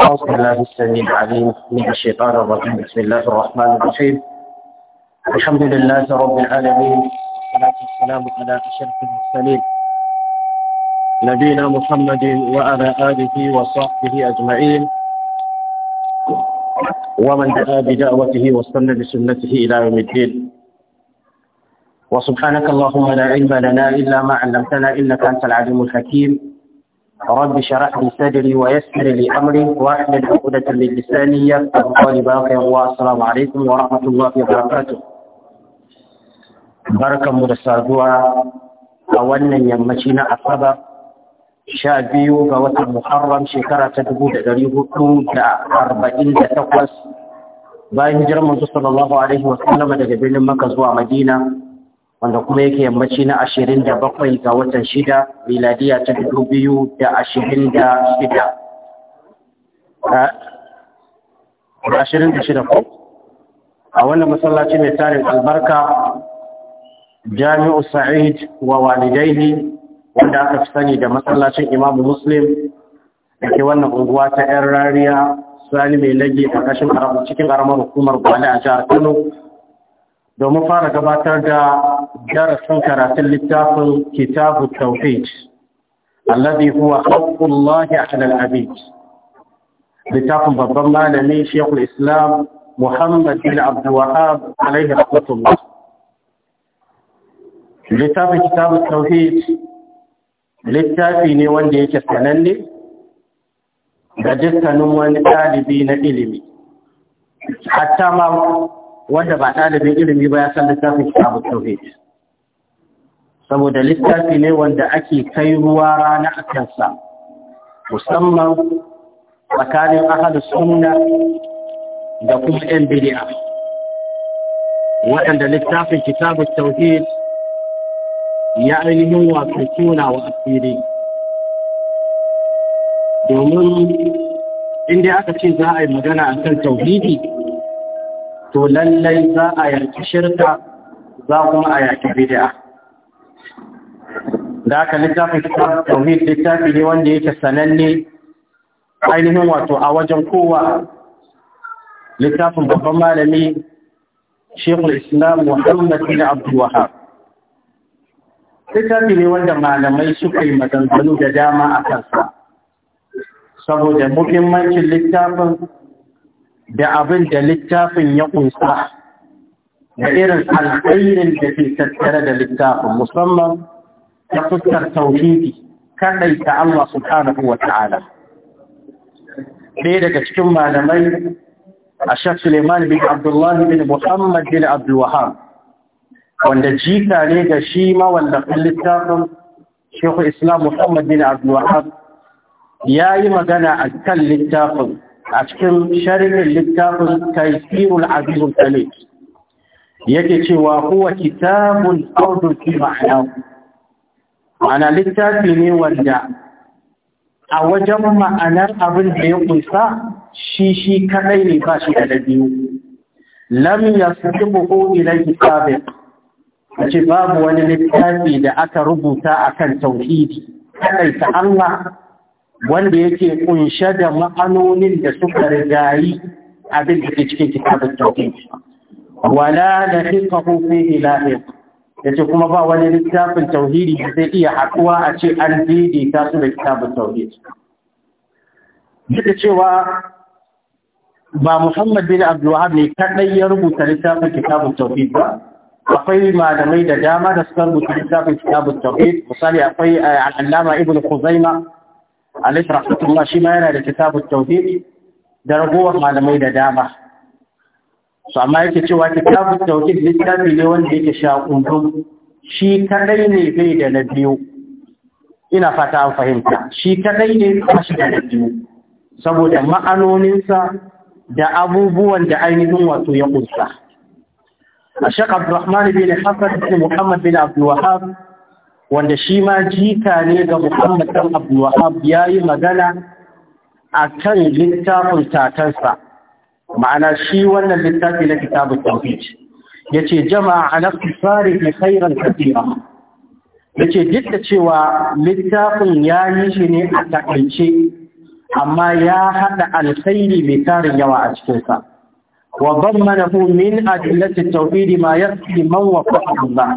أعوذ بالله السميع العليم من الشيطان الرجيم بسم الله الرحمن الرحيم الحمد لله رب العالمين والصلاة والسلام على أشرف المرسلين نبينا محمد وعلى آله وصحبه أجمعين ومن دعا بدعوته واستنى بسنته إلى يوم الدين وسبحانك اللهم لا علم لنا إلا ما علمتنا إنك أنت العليم الحكيم رب شرح لي صدري ويسر لي أمري واحلل عقدة من لساني يفقه قولي باقي والسلام عليكم ورحمة الله وبركاته barkan mu da saduwa a wannan yammaci na asaba sha biyu ga watan muharram shekara ta dubu da dari hudu da arba'in da takwas bayan hijirar manzo sallallahu alaihi wa daga birnin maka zuwa madina wanda kuma yake yammaci na ashirin da bakwai ga watan shida miladiya ta dubu biyu da ashirin da shida ashirin da shida ko a wannan matsalaci mai tarin albarka jami'u sa'id wa ne wanda aka fi sani da masallacin imamu muslim da ke wannan unguwa ta 'yan rariya sani mai lage a cikin ƙaramar hukumar gwale a jihar kano domin fara gabatar da darasin karatun littafin kitabu tawhid alladhi huwa haqqullahi 'ala al-'abid littafin babban malami shekul islam muhammad bin abdul wahab alaihi rahmatullah littafin kitabu tawhid littafi ne wanda yake sananne ga dukkanin wani ɗalibi na ilimi hatta ma wanda ba ɗalibin ilimi ba ya san littafin kitabu tauhid saboda littafi ne wanda ake kai ruwa rana a kansa musamman tsakanin ahadu sunna da kuma yan bidiya waɗanda littafin kitabu tauhid ya ainihin wasu tuna wa asiri domin inda aka ce za a yi magana a kan tauhidi to lallai za a yanki shirka za kuma a yaki bid'a da aka littafin kitab tauhid littafi ne wanda yake sananne ainihin wato a wajen kowa littafin babban malami Sheikhul Islam Muhammad bin Abdul Wahhab littafi ne wanda malamai suka yi maganganu da dama a kansa saboda muhimmancin littafin da abin da littafin ya kunsa da irin alkhairin da ke tattare da littafin musamman ta fuskar tauhidi kaɗai ta Allah subhanahu wa ta'ala ɗaya daga cikin malamai a Sheikh Suleiman bin Abdullah bin Muhammad bin Abdul wanda jika ne ga shi ma wanda littafin Sheikh Islam Muhammad bin Abdul ya yi magana a kan littafin a cikin sharhin littafin taisirul azizul talib yake cewa huwa kitabun qawdun fi ma'ana ana littafi ne wanda a wajen ma'anar abin da ya kusa, shi shi kadai ne ba shi da biyu lam yasbiqu ilayhi sabiq ce babu wani littafi da aka rubuta akan tauhidi kadai ta Allah wanda yake kunshe da ma'anonin da suka rigayi abin da ke cikin kitabun tauhid wala da fiqhu fi ilahi yace kuma ba wani littafin tauhidi da zai iya haɗuwa a ce an daidaita su da kitabun tauhid duk cewa ba Muhammad bin Abdulwahab ne kadai ya rubuta littafin kitabun tauhid ba akwai malamai da dama da suka rubuta littafin kitabun tauhid misali akwai eh, al-Allama Ibn Khuzaimah alif rahmatullah shi ma yana da kitabut tauhid da ragowar malamai da dama su amma yake cewa kitabut tauhid littafi ne wanda yake shaƙundun shi kadai ne bai da na biyu ina fata an fahimta shi kadai ne ba shi da na biyu saboda ma'anoninsa da abubuwan da ainihin wato ya kunsa الشيخ عبد الرحمن bin حسن بن محمد بن عبد wanda shi ma jika ne ga Muhammad ɗan Abdulwahab ya yi magana a kan littafin tatarsa, ma'ana shi wannan littafi na kitabun tawhid ya ce jama'a a nafi tsari ne sairan tafiya. ya ce duk da cewa littafin ya yi shi ne a takaice amma ya haɗa alkhairi mai tarin yawa a cikinsa wa ban mana min adillatin tawhid ma yafi man wafa Allah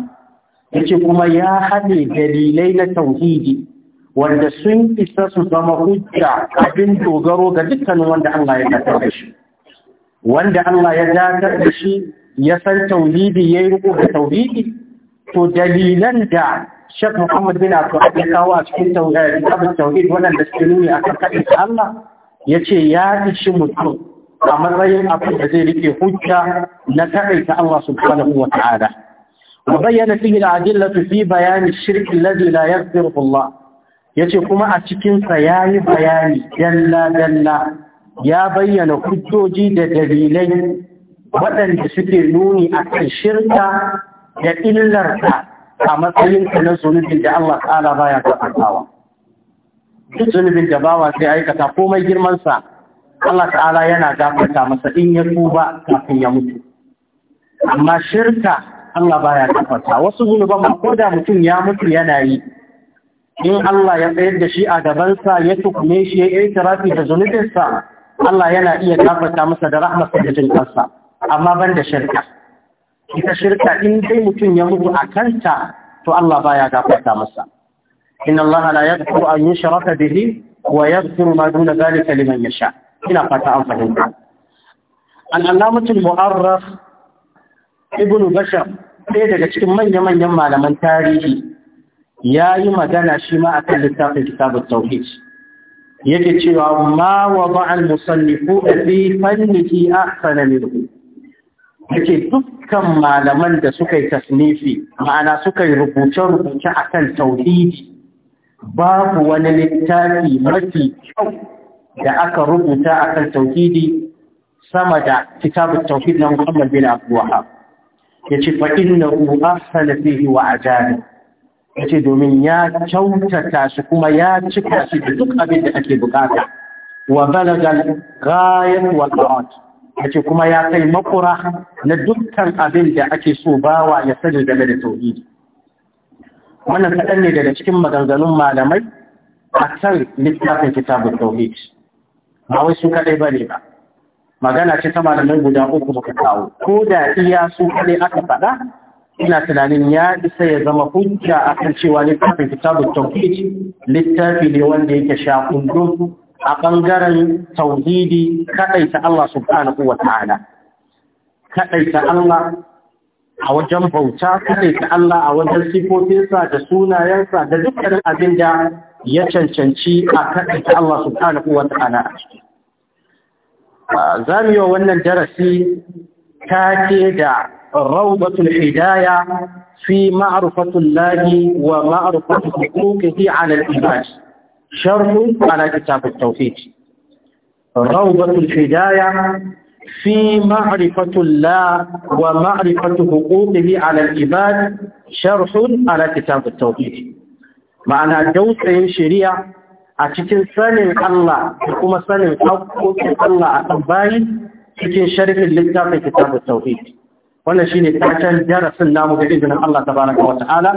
yace kuma ya haɗe dalilai na tauhidi wanda sun isa su zama hujja abin dogaro ga dukkanin wanda Allah ya datar da shi wanda Allah ya datar da shi ya san tauhidi yayi riko da tauhidi to dalilan da Sheikh Muhammad bin Abdul ya kawo a cikin tauhid wannan suke nuni akan kaɗin Allah yace ya ishi mutum a matsayin abin da zai rike hujja na kaɗaita Allah subhanahu wa ta'ala وبين فيه العدلة في بيان الشرك الذي لا يغفره الله yace kuma a cikin sa yayi bayani dalla dalla ya bayyana hujjoji da dalilai waɗanda suke nuni a akan shirka da illarta a matsayin ta na zunubin da Allah ta'ala baya gafartawa duk zunubin da bawa sai aikata komai girman sa Allah ta'ala yana gafarta masa in ya tuba kafin ya mutu amma shirka Allah baya kafarta wasu zunuban ko da mutum ya mutu yana yi in Allah ya tsayar da shi a gabansa ya tukume shi ya yi tirafi da zunubinsa Allah yana iya kafarta masa da rahmasa da jin kansa amma ban da shirka ita shirka in dai mutum ya mutu a kanta to Allah baya gafarta masa inna Allah la yaghfiru an yushraka bihi wa yaghfiru ma duna dhalika liman yasha ina fata an fahimta al-allamatul mu'arraf Ibnu bashar ɗaya daga cikin manya-manyan malaman tarihi ya yi magana shi ma kan littafin kitabun tauhid yake cewa ma wa ba'al musallifu da fi fannihi ahsana minhu yake dukkan malaman da suka yi tasnifi ma'ana suka yi rubuce-rubuce a akan tauhidi babu wani littafi mafi kyau da aka rubuta a kan tauhidi sama da kitabun tauhid na Muhammad bin Abuwa. ya ce fa'in na uba sanafihi wa ajari ya ce domin ya kyautata shi kuma ya cika shi da duk abin da ake bukata wa balagal gayan wa ƙawar ya ce kuma ya kai makura na dukkan abin da ake so bawa ya sani game da tauhidi wannan kaɗan ne daga cikin maganganun malamai a kan littafin kitabun tauhid ba wai su kaɗai ba ne ba magana ce ta malamai guda uku suka kawo ko da iya su kaɗai aka faɗa ina tunanin ya isa ya zama hujja akan cewa littafin kitabun tauhidi littafi ne wanda yake sha kundu a ɓangaren tauhidi kaɗaita Allah subhanahu wa ta'ala kaɗaita Allah a wajen bauta kaɗaita Allah a wajen sifofinsa da sunayensa da dukkanin abin da ya cancanci a kaɗaita Allah subhanahu wa ta'ala a ciki زاميو ونن جرسي تاكيدا روضة الحداية في معرفة الله ومعرفة حقوقه على الإباج شرط على كتاب التوحيد روضة الحداية في معرفة الله ومعرفة حقوقه على الإباد شرح على كتاب التوحيد معنى الدوس الشريعة a cikin sanin Allah da kuma sanin haƙoƙin Allah a kan bayi cikin sharhin littafin kitabun tauhid wannan shine kacan darasin namu da izinin Allah tabaraka wa ta'ala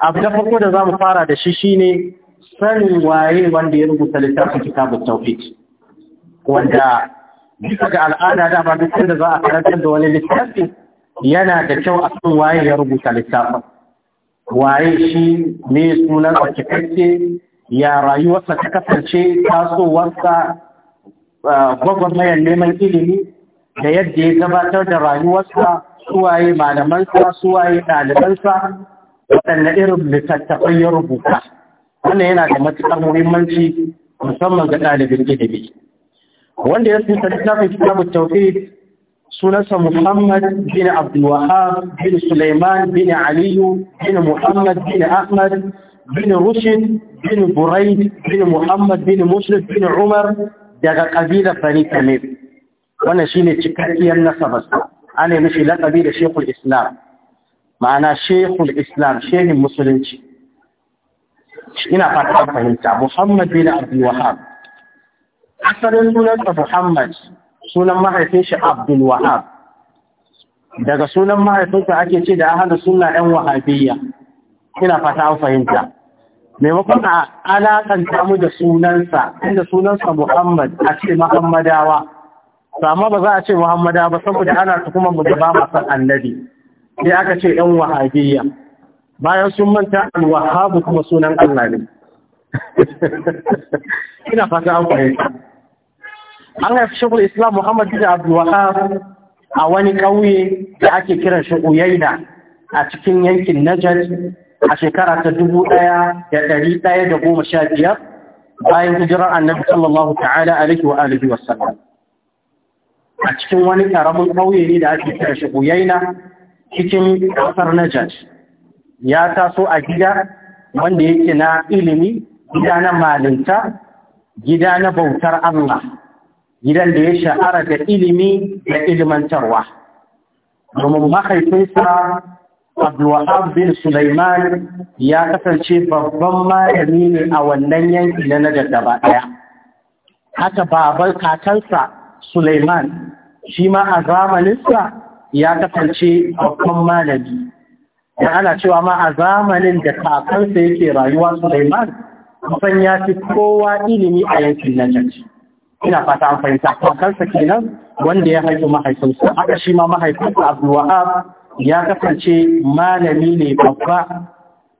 abu da farko da zamu fara da shi shine sanin waye wanda ya rubuta littafin kitabun tauhid wanda bisa ga al'ada da ba duk da za a karantar da wani littafi yana da kyau a san waye ya rubuta littafin waye shi ne sunan cikakke ya rayuwarsa ta kasance tasowarsa gwagwarmayar neman ilimi da yadda ya gabatar da rayuwarsa suwaye malamansa suwaye ɗalibansa waɗanne irin littattafai ya rubuta wannan yana da matuƙar muhimmanci musamman ga ɗalibin ilimi wanda ya fita littafin kitabun tauhid sunansa Muhammad bin Abdul Wahab bin Sulaiman bin Aliyu bin Muhammad bin Ahmad bin Rushin, bin Buraid bin Muhammad bin Muslim bin Umar daga ƙabilar Bani Tamim wannan shi ne cikakkiyar nasabarsa ana yi mishi laƙabi da Sheikhul Islam ma'ana Sheikhul Islam shehin musulunci ina fata fahimta Muhammad bin Abdul Wahhab asalin sunansa Muhammad sunan mahaifin shi Abdul Wahhab daga sunan mahaifinsa ake ce da ahlus suna 'Yan wahabiyya ina fata an fahimta maimakon a alaƙanta mu da sunansa inda sunansa Muhammad a ce Muhammadawa amma ba za a ce Muhammadawa ba saboda ana kuma mu da ba masan annabi sai aka ce ɗan wahabiyya bayan sun manta alwahabu kuma sunan Allah ne ina fata an fahimta an haifi shagul islam Muhammad bin Abdulwahab a wani ƙauye da ake kiran shi Uyaina a cikin yankin Najar a shekara ta dubu ɗaya da ɗari ɗaya da goma sha biyar bayan hijirar annabi sallallahu ta'ala alaihi wa alihi wa sallam a cikin wani ƙaramin ƙauye ne da ake kira shi cikin ƙasar Najat ya taso a gida wanda yake na ilimi gida na malinta gida na bautar Allah gidan da ya sha'ara da ilimi da ilimantarwa domin mahaifinsa Abdulwahab bin Sulaiman ya kasance babban malami ne a wannan yanki na na gaba ɗaya. Haka babar kakansa Sulaiman shi ma a zamaninsa ya kasance babban malami. Da ana cewa ma a zamanin da kakansa yake rayuwa Sulaiman kusan ya fi kowa ilimi a yankin Najar. Ina fata an fahimta kakansa kenan wanda ya haifi mahaifinsa. Haka shi ma mahaifinsa Abdulwahab ya kasance malami ne babba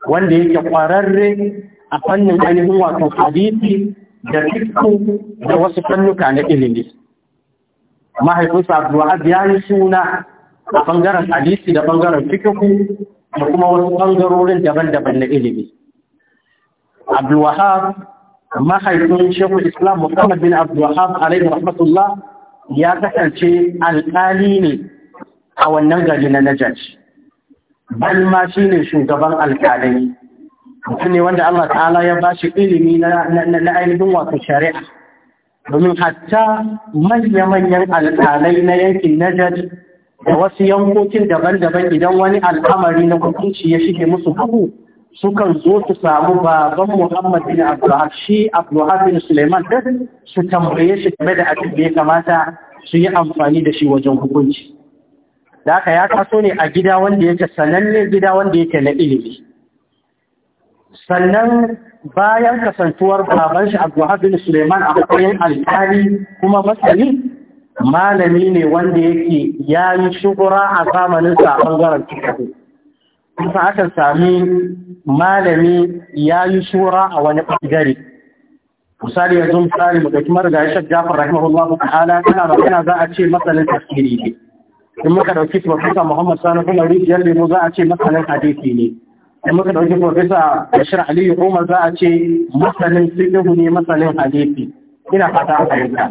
wanda yake kwararre a fannin ainihin wato hadisi da fiqh da wasu fannuka na ilimi mahaifinsa Abdulwahab ya yi suna a ɓangaren hadisi da ɓangaren fiqh da kuma wasu ɓangarorin daban-daban na ilimi Abdulwahab mahaifin Shehu Islam Muhammad bin Abdulwahab alaihi rahmatullah ya kasance alƙali ne a wannan gari na Najaj. Bal ma shi ne shugaban alƙalai. Mutum ne wanda Allah ta'ala ya ba shi ilimi na ainihin wata shari'a. Domin hatta manya-manyan alƙalai na yankin Najaj da wasu yankokin daban-daban idan wani al'amari na hukunci ya shige musu hagu sukan zo su samu baban Muhammad bin Abdullahi shi Abdullahi bin Suleiman da su tambaye shi game da abin da ya kamata su yi amfani da shi wajen hukunci. da aka ya kaso ne a gida wanda yake sananne gida wanda yake na ilimi sannan bayan kasantuwar baban shi Abu Hadin Suleiman a matsayin alƙali kuma masani malami ne wanda yake yayi shugura a zamanin sa a bangaren fiqh kuma aka sami malami yayi shura a wani bangare misali yanzu misali mu dauki marigayi Sheikh Jafar rahimahullahu ta'ala kana magana za a ce masalan tafsiri ne in muka dauki profesa muhammad sani kuma rijiyar lemo za a ce masanin hadisi ne in muka dauki profesa bashir aliyu umar za a ce masanin fiqhu ne masanin hadisi ina fata a fahimta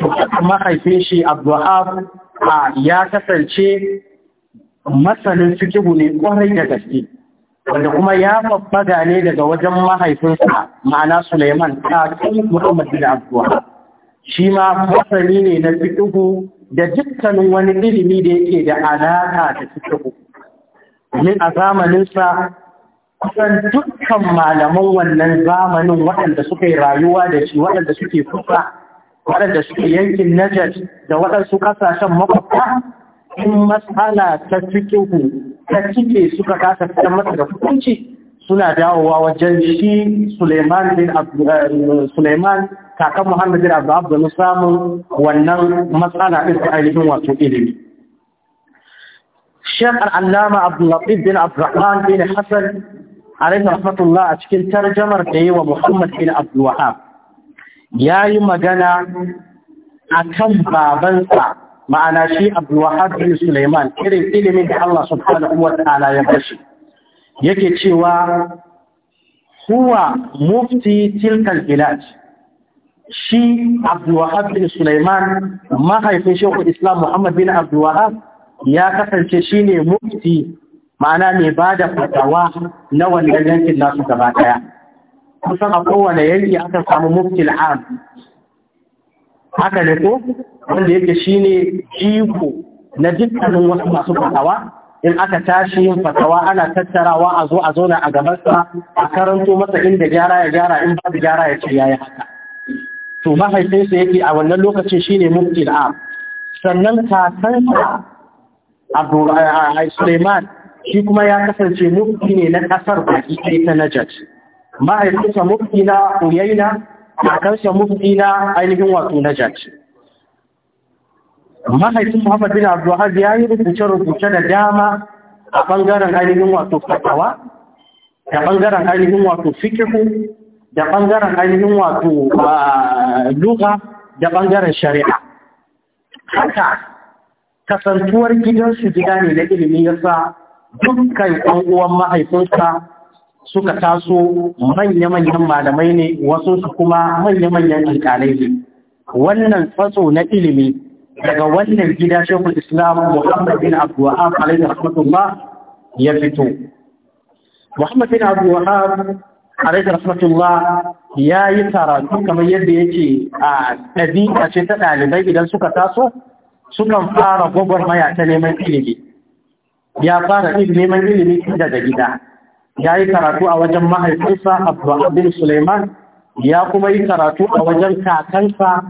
to haka mahaifin shi a ya kasance masanin fiqhu ne kwarai da gaske wanda kuma ya babbaga ne daga wajen mahaifinsa ma'ana Suleiman ta kan Muhammad bin Abdullah shi ma masani ne na fiqhu da dukkanin wani ilimi da yake da alaƙa da fiqh ni a zamaninsa kusan dukkan malaman wannan zamanin waɗanda suka yi rayuwa da shi waɗanda suke kusa waɗanda suke yankin Najar da waɗansu ƙasashen makwabta in matsala ta fikihu ta cike suka kasa fitar masa da hukunci suna dawowa wajen shi Suleiman bin eh, Suleiman kakan Muhammad bin Abdul Abdul samun wannan matsala din ta ainihin wato ilimi Sheikh Al-Allama Abdul Latif bin Abdurrahman bin Hassan alaihi rahmatullah a cikin tarjamar da yi wa Muhammad bin Abdul Wahab yayi magana akan babansa ma'ana shi Abdul Wahab bin Suleiman irin ilimin da Allah subhanahu wa ta'ala ya bashi yake cewa huwa mufti tilkal bilad shi abduwahab bin sulaiman mahaifin shekul islam muhammad bin abdulwahab ya kasance shine mufti ma'ana mai ba da fatawa na wannan yankin nasu gaba daya kusan a kowane yanki aka samu mufti al'am haka ne ko wanda yake shine jiko na dukkanin wasu masu fatawa in aka tashi yin fatawa ana tattarawa a zo a zauna a gabansa a karanto masa inda gyara ya gyara in ba babu gyara ya ce yayi haka to mahaifinsa yake a wannan lokacin shine mufti al'am sannan kakansa Suleiman shi kuma ya kasance mufti ne na kasar baki ɗaya ta Najat mahaifinsa mufti na Uyaina kakansa mufti na ainihin wato Najat mahaifin Muhammad bin Abdulwahab ya yi rubuce-rubuce da dama a ɓangaren ainihin wato fatawa da ɓangaren ainihin wato fikihu da bangaren ainihin wato luga da ɓangaren shari'a haka kasantuwar gidansu gida ne na ilimi yasa dukkan ɗan uwan mahaifinsa suka taso manya-manyan malamai ne wasu su kuma manya-manyan alƙalai ne wannan tsatso na ilimi daga wannan gida shekul islam muhammad bin abdullahab alaihi rahmatullah ya fito muhammad bin abdullahab alaihi rahmatullah ya yi taratu kamar yadda ya ce a ɗabi'a ce ta ɗalibai idan suka taso sukan fara gwagwarmaya ta neman ilimi ya fara neman ilimi tun daga gida ya yi karatu a wajen mahaifinsa bin suleiman ya kuma yi karatu a wajen kakansa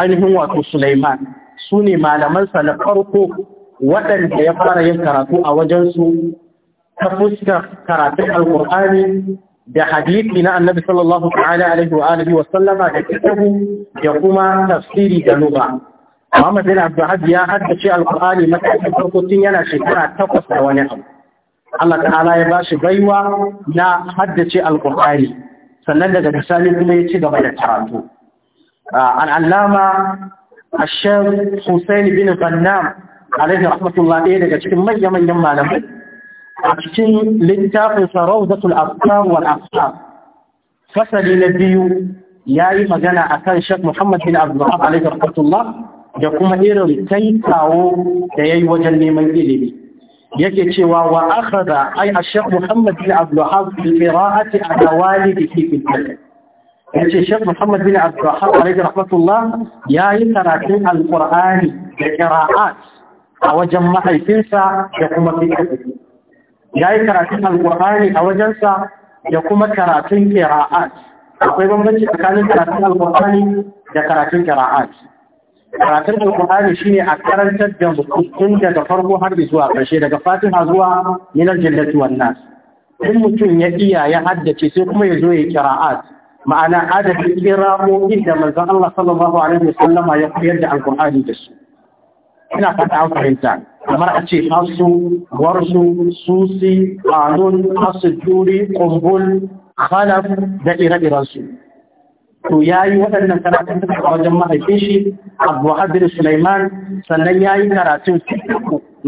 ainihin wato suleiman su ne malamansa na farko waɗanda ya fara yin karatu a wajensu ta fuskar karatun alkur'ani da hadisi na annabi sallallahu alaihi wa alihi wa sallama da kitabu da kuma tafsiri da nuba Muhammad bin Abdul ya haddace alkur'ani matakin farko tun yana shekara takwas da wani abu Allah ta'ala ya bashi baiwa na haddace alkur'ani sannan daga bisani kuma ya ci gaba da karatu ah, al'allama Ashar Hussein bin Fannam alaihi rahmatullah ɗaya daga cikin manya-manyan malamai a cikin littafin da Afkar wa Afkar fasali na biyu ya yi magana a kan Sheikh Muhammad bin Abdullahi alaihi rahmatullah da kuma irin taikawo da ya yi wajen neman ilimi yake cewa wa da ai a shaykh Muhammad bin Abdul Wahhab bi qira'ati adawali bi kitab ya ce shek muhammad bin abdullahi alaihi rahmatullah ya yi karatun alkur'ani da kira'at a wajen mahaifinsa da kuma fiƙi ya yi karatun alkur'ani a wajensa da kuma karatun kira'at akwai bambanci tsakanin karatun alkur'ani da karatun kira'at karatun alkur'ani shine a karantar da mutum daga farko har zuwa ƙarshe daga fatiha zuwa minar jannati wannan in mutum ya iya ya haddace sai kuma ya zo ya kira'at ma'ana adadin kirakokin da manzon Allah sallallahu alaihi wasallama ya koyar da alqur'ani da su ina fata an fahimta kamar a ce hasu warsu susi qanun asduri qumbul khalaf da ire-iren su to yayi waɗannan karatun a wajen mahaifin shi Abu Hadir Sulaiman sannan yayi karatun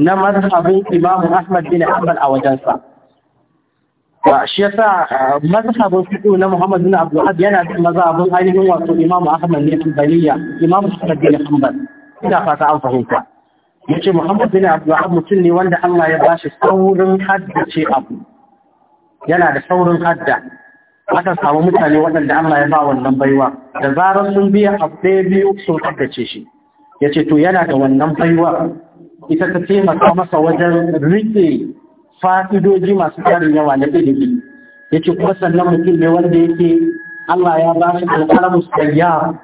na mazhabin Imam Ahmad bin Hanbal a wajensa shi yasa eh, mazhabin fito na Muhammad bin Abdul Wahhab yana da abin ainihin wato Imam Ahmad bin Hanbaliya Imam Ahmad bin Hanbal ina fata an fahimta yace Muhammad bin Abdul Wahhab mutum ne wanda Allah ya bashi saurin ce abu yana da saurin hadda aka samu mutane waɗanda Allah ya ba wannan baiwa da zarar sun biya abu ɗaya biyu sun haddace shi yace to yana da wannan baiwa ita ta taimaka masa wajen riƙe fa'idoji masu tarin yawa na ya ce kuma sannan mutum ne wanda yake Allah ya ba shi alƙalamu sayyar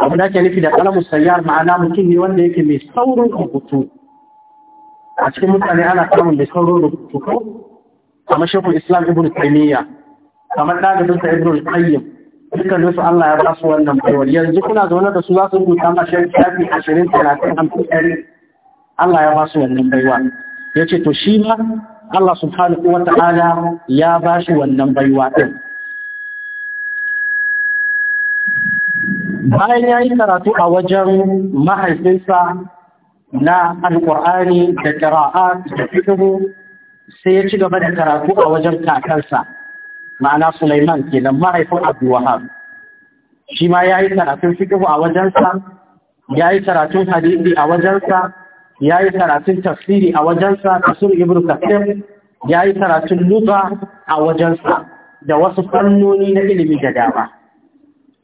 abu da ke nufi da ƙalamu sayyar ma'ana mutum ne wanda yake mai saurin rubutu a cikin mutane ana samun mai saurin rubutu ko kamar shekul islam ibn taimiyya kamar ɗaga sa ibn qayyim dukkan su Allah ya ba su wannan baiwar yanzu kuna zaune da su za su rubuta ma shafi ashirin talatin hamsin ɗari Allah ya ba su wannan baiwa ya ce to shi ma Allah subhanahu wa ta'ala ya ba shi wannan baiwa ɗin bayan ya yi karatu a wajen mahaifinsa na alƙur'ani da ƙira'a da fikihu sai ya ci gaba da karatu a wajen kakarsa ma'ana Sulaiman kenan mahaifin Abdul Wahab shi ma yayi karatun fiqh a wajensa yayi karatun hadisi a wajensa ya yi karatun tafsiri a wajensa kasur ibn kasir ya yi karatun lutsa a wajensa da wasu fannoni na ilimi da dama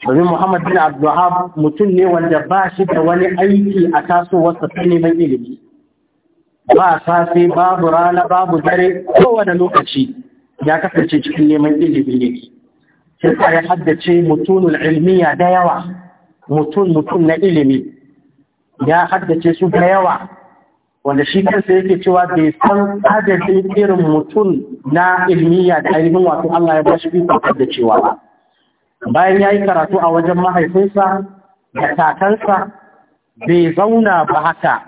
domin muhammad bin abdullahab mutum ne wanda ba shi da wani aiki a tasowarsa ta neman ilimi ba safe babu rana babu dare kowane lokaci ya kasance cikin neman ilimi ne sai ya haddace mutunul ilmiya da yawa mutum mutum na ilimi ya haddace su da yawa wanda shi kansa yake cewa bai san adadin irin mutum na ilmiya da ainihin wato Allah ya bashi ikon da cewa ba bayan ya yi karatu a wajen mahaifinsa da kakansa bai zauna ba haka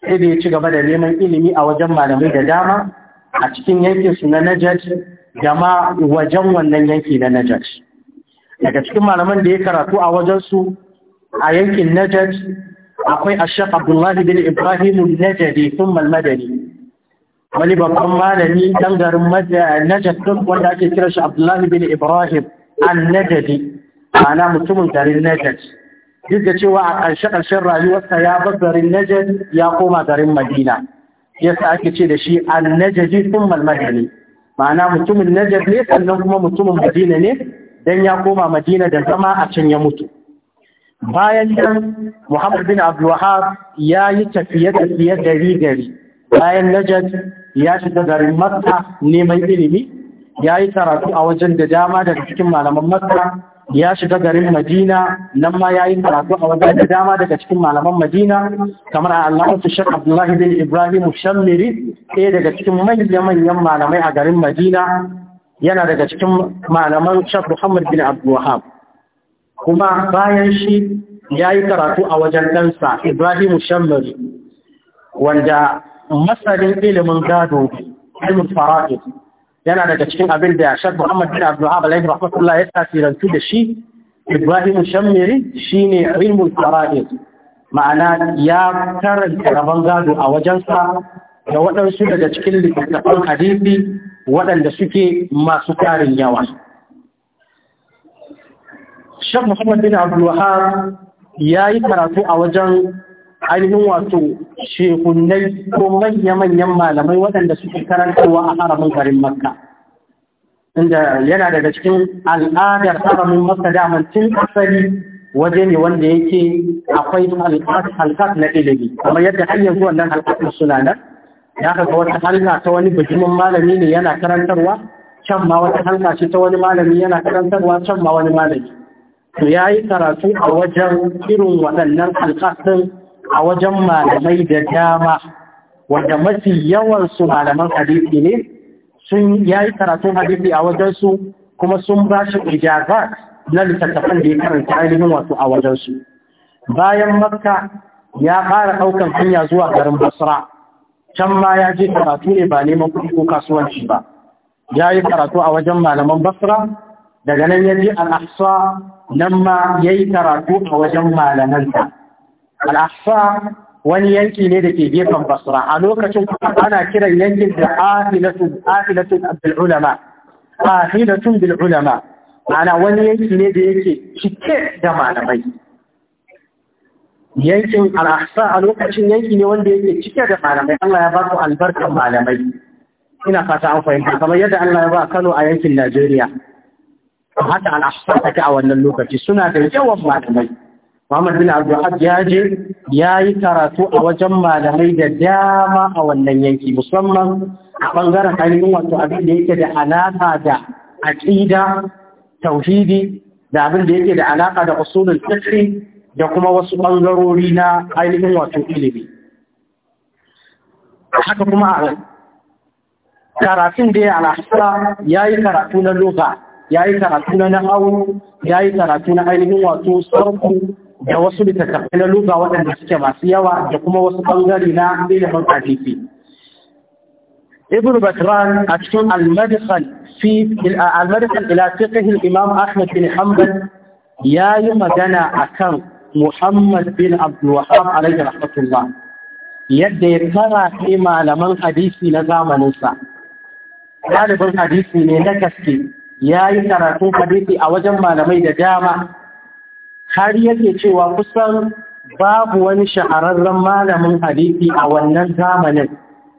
sai da ya ci gaba da neman ilimi a wajen malamai da dama a cikin yankin su na Najat da ma wajen wannan yanki na Najat daga cikin malaman da ya karatu a wajen su a yankin Najat akwai ashaq abdullahi bin ibrahim najadi sun malmadani wani babban malami dan garin najad ɗin wanda ake kira shi abdullahi bin ibrahim an najadi ana mutumin garin najad duk da cewa a ƙarshe ƙarshen rayuwarsa ya bar garin najad ya koma garin madina yasa ake ce da shi an najadi sun malmadani ma'ana mutumin najad ne sannan kuma mutumin madina ne dan ya koma madina da zama a can ya mutu bayan nan Muhammad bin Abdulwahab ya yi tafiye-tafiye gari-gari bayan Najd ya shiga garin Makka neman ilimi ya yi karatu a wajen da dama daga cikin malaman Makka ya shiga garin Madina nan ma ya yi karatu a wajen da dama daga cikin malaman Madina kamar Allah su Sheikh Abdullahi bin Ibrahim Shammiri ɗaya daga cikin manya-manyan malamai a garin Madina yana daga cikin malaman Sheikh Muhammad bin Abdulwahab kuma bayan shi ya yi karatu a wajen ɗansa Ibrahim Shammari wanda masanin ilimin gado ilimin fara'id yana daga cikin abin da Sheikh Muhammad bin Abdul Wahhab alaihi ya tasirantu da shi Ibrahim Shammari shine ilmul fara'id ma'ana ya karanta rabon gado a wajensa da waɗansu daga cikin littattafan hadisi waɗanda suke masu tarin yawa. Sheikh Muhammad bin Abdul Wahab ya yi karatu a wajen ainihin wato shekunai ko manya-manyan malamai waɗanda suke karantarwa a haramin garin Makka. Inda yana daga cikin al'adar haramin Makka daman tun asali waje ne wanda yake akwai halkat na ilimi, kamar yadda hanyar yanzu wannan halkat suna nan. Ya kaga wata halka ta wani bijimin malami ne yana karantarwa, can ma wata halka ce ta wani malami yana karantarwa, can ma wani malami. to ya yi karatu a wajen irin waɗannan alƙasar a wajen malamai da dama wanda mafi yawansu malaman hadisi ne sun ya yi karatu hadisi a wajensu kuma sun ba shi ijaza na littattafan da ya karanta ainihin wasu a wajensu bayan makka ya fara ɗaukar hanya zuwa garin basra can ma ya je karatu ne ba neman kuɗi ko kasuwanci ba ya yi karatu a wajen malaman basra daga nan ya je al nan ma ya yi karatu a wajen malamansa. Al'afa wani yanki ne da ke gefen basura. a lokacin kuma ana kiran yankin da afilatun bil'ulama, afilatun bil'ulama, ana wani yanki ne da yake cike da malamai. Yankin al'asa a lokacin yanki ne wanda yake cike da malamai, Allah ya ba su albarkar malamai. Ina fata an fahimta, kamar yadda Allah ya ba Kano a yankin Najeriya. haka al'ashfa take a wannan lokaci suna da yawan malamai Muhammad bin abdu'ad ya je ya yi karatu a wajen malamai da dama a wannan yanki musamman a ɓangaren ainihin wato abin da yake da alaƙa da aƙida tauhidi da abin da yake da alaƙa da usulul fiqh da kuma wasu ɓangarori na ainihin wato ilimi haka kuma a karatun da ya al'ashfa ya yi karatu na lokaci. ya yi karatu na na'awu ya yi karatu na ainihin wato sarku da wasu littattafai na luga waɗanda suke masu yawa da kuma wasu ɓangare na ilimin hadisi ibn batran a cikin al-madkhal fi al ila fiqh al-imam ahmad bin hanbal yayi magana akan muhammad bin abdul wahhab alayhi rahmatullah yadda ya kara malaman hadisi na zamaninsa ɗalibin hadisi ne na gaske ya yi karatun hadisi a wajen malamai da dama har yake cewa kusan babu wani shahararren malamin hadisi a wannan zamanin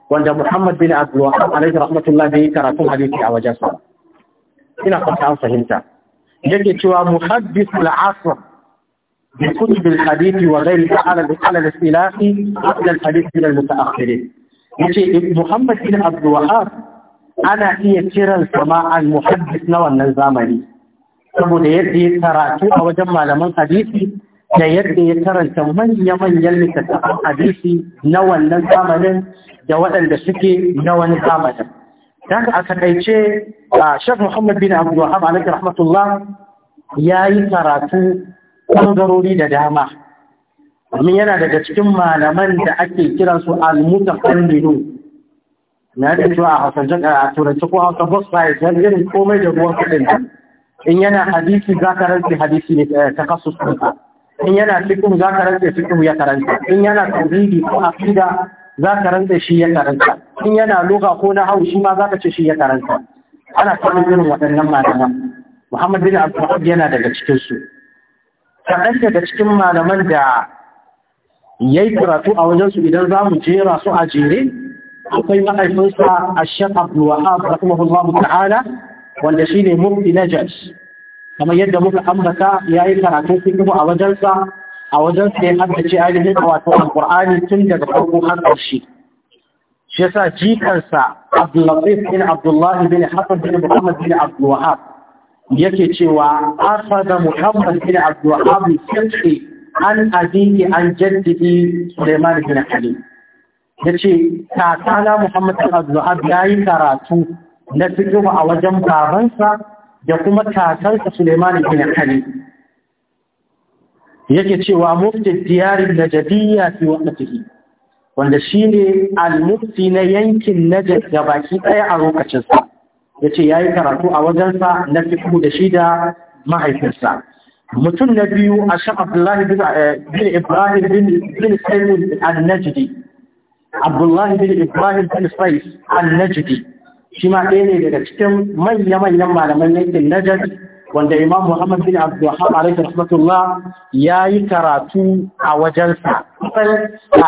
wanda Muhammad bin Abdulwahab alaihi rahmatullah yi karatun hadisi a wajen sa ina fata an fahimta yake cewa muhaddis al-asr bi kutub al-hadith wa ghayri ta'ala bi ala al-istilahi qabla al-hadith min al-mutaakhirin yace Muhammad bin Abdulwahab ana iya kiran sama'an al-muhaddis na wannan zamani saboda yadda ya karatu a wajen malaman hadisi da yadda ya karanta manya-manyan littattafan hadisi na wannan zamanin da waɗanda suke na wani zamanin. Dan a takaice a Shaf Muhammad bin Abu Wahab alaihi rahmatullah ya yi karatu ɓangarori da dama. Domin yana daga cikin malaman da ake kiransu al-mutaqallidun na da cewa a hausance a turanci ko hausa bus fire don irin komai da ruwan kuɗin in yana hadisi za ka rantse hadisi ne ta kasu sunka in yana cikin za ka rantse cikin ya karanta in yana tauhidi ko aqida za ka rantse shi ya karanta in yana lugha ko na hau shi ma za ka ce shi ya karanta ana samun irin waɗannan malaman Muhammad bin Abdul yana daga cikin su kaɗan daga cikin malaman da ya yi karatu a wajensu idan za mu jera su a jere akwai mahaifinsa a shek abdullahab rahimahullahu ta'ala wanda shi ne mufti najas kamar yadda muka ambata ya yi karatun fikihu a wajensa a wajensa ya haddace ainihin wato alƙur'ani tun daga farko har ƙarshe shi yasa jikarsa abdullatif bin abdullahi bin hasan bin muhammad bin abdullahab yake cewa asada muhammad bin abdullahab sai an abiki an jaddidi suleiman bin halim ya ce kakana muhammad al-azhar ya yi karatu na fiƙiwa a wajen babansa da kuma kakarsa suleiman bin khalid yake cewa mufti diyarin najabiyya fi waqtihi wanda shine al-mufti na yankin Najd ga baki ɗaya a lokacin sa yace yayi karatu a wajen sa na fiqh da shi da mahaifinsa mutum na biyu a shaf Abdullah eh, bin Ibrahim bin Sulaiman al-Najdi Abdullahi bin Ibrahim bin Saiz al-Najdi shi ma ɗaya ne daga cikin manya-manyan malaman yankin Najd wanda Imam Muhammad bin Abdul alaihi rahmatullah yi karatu a wajensa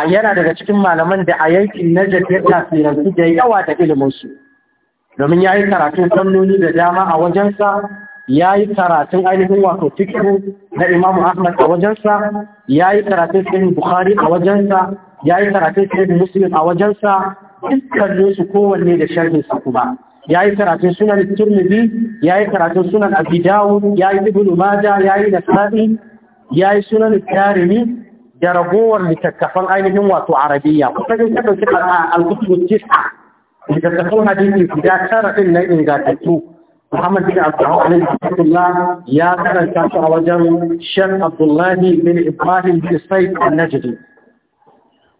yana daga cikin malaman da a yankin Najd ya tasirantu da yawa da ilimin su domin yayi karatun fannoni da dama a wajensa ya yi karatun ainihin wato fikiru na Imam ahmad a wajensa ya yi karatun sahihin bukhari a wajensa ya yi karatun sai da muslim a wajensa dukkanin su kowanne da sharhin sa kuma ya yi karatun sunan turmizi ya yi karatun sunan abi dawud ya yi ibnu yayi ya yi nasa'i ya yi sunan tarimi da ragowar litattafan ainihin wato arabiya kusa da ɗauki al-kutubu tis'a littattafan hadisi guda tara din nan ingantattu Muhammad bin Abdullah Abdullah ya karanta su a wajen Sheikh Abdullahi bin Ibrahim bin Said al-Najdi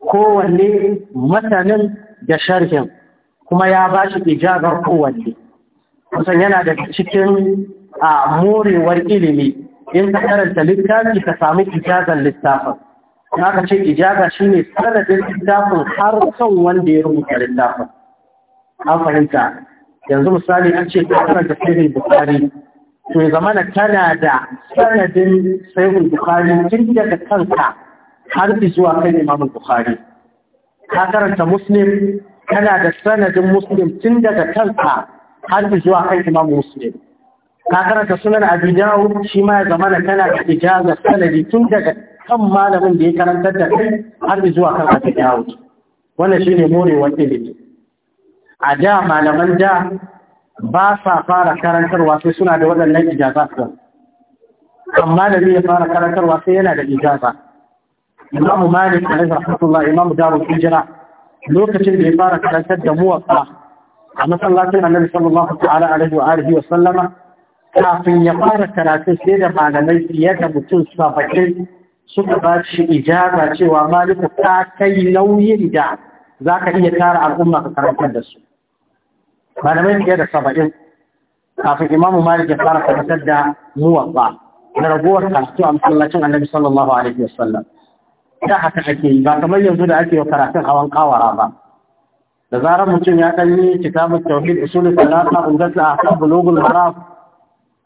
kowanne matanin da sharhin kuma ya ba shi ijabar kowanne kusan yana da cikin a morewar ilimi in ka karanta littafi ka sami ijazar littafin ka ce ijaza ne sanadin littafin har kan wanda ya rubuta littafin an fahimta yanzu misali an ce ka karanta sirrin bukhari to zamana tana da sanadin sahih bukhari tun daga kanka har zuwa kan Imam Bukhari ka karanta Muslim kana da sanadin Muslim tun daga kanka har zuwa kan Imam Muslim ka karanta sunan Abi Dawud shi ma zama da kana da ijaza sanadi tun daga kan malamin da ya karanta da kai har zuwa kan Abi Dawud wannan shine morewar ilimi a da malaman da ba sa fara karantarwa sai suna da waɗannan ijaza amma da zai fara karantarwa sai yana da ijaza Imam Malik alaihi rahmatullah Imam Darul Hijra lokacin da ya fara karantar da muwatta a masallacin Annabi sallallahu ta'ala alaihi wa alihi wa sallama kafin ya fara karatu sai da malamai fiye da mutum saba'in suka ba shi ijaza cewa Maliku ta kai nauyin da za ka iya tara al'umma ka karantar da su. Malamai fiye da saba'in kafin Imam Malik ya fara karantar da muwatta na ragowar karatu a masallacin Annabi sallallahu alaihi wa sallam. ta haka ake yi ba kamar yanzu da ake karatun hawan kawara ba da zarar mutum ya ɗan yi kitabun tawhid usulul salata a kan bulogun maram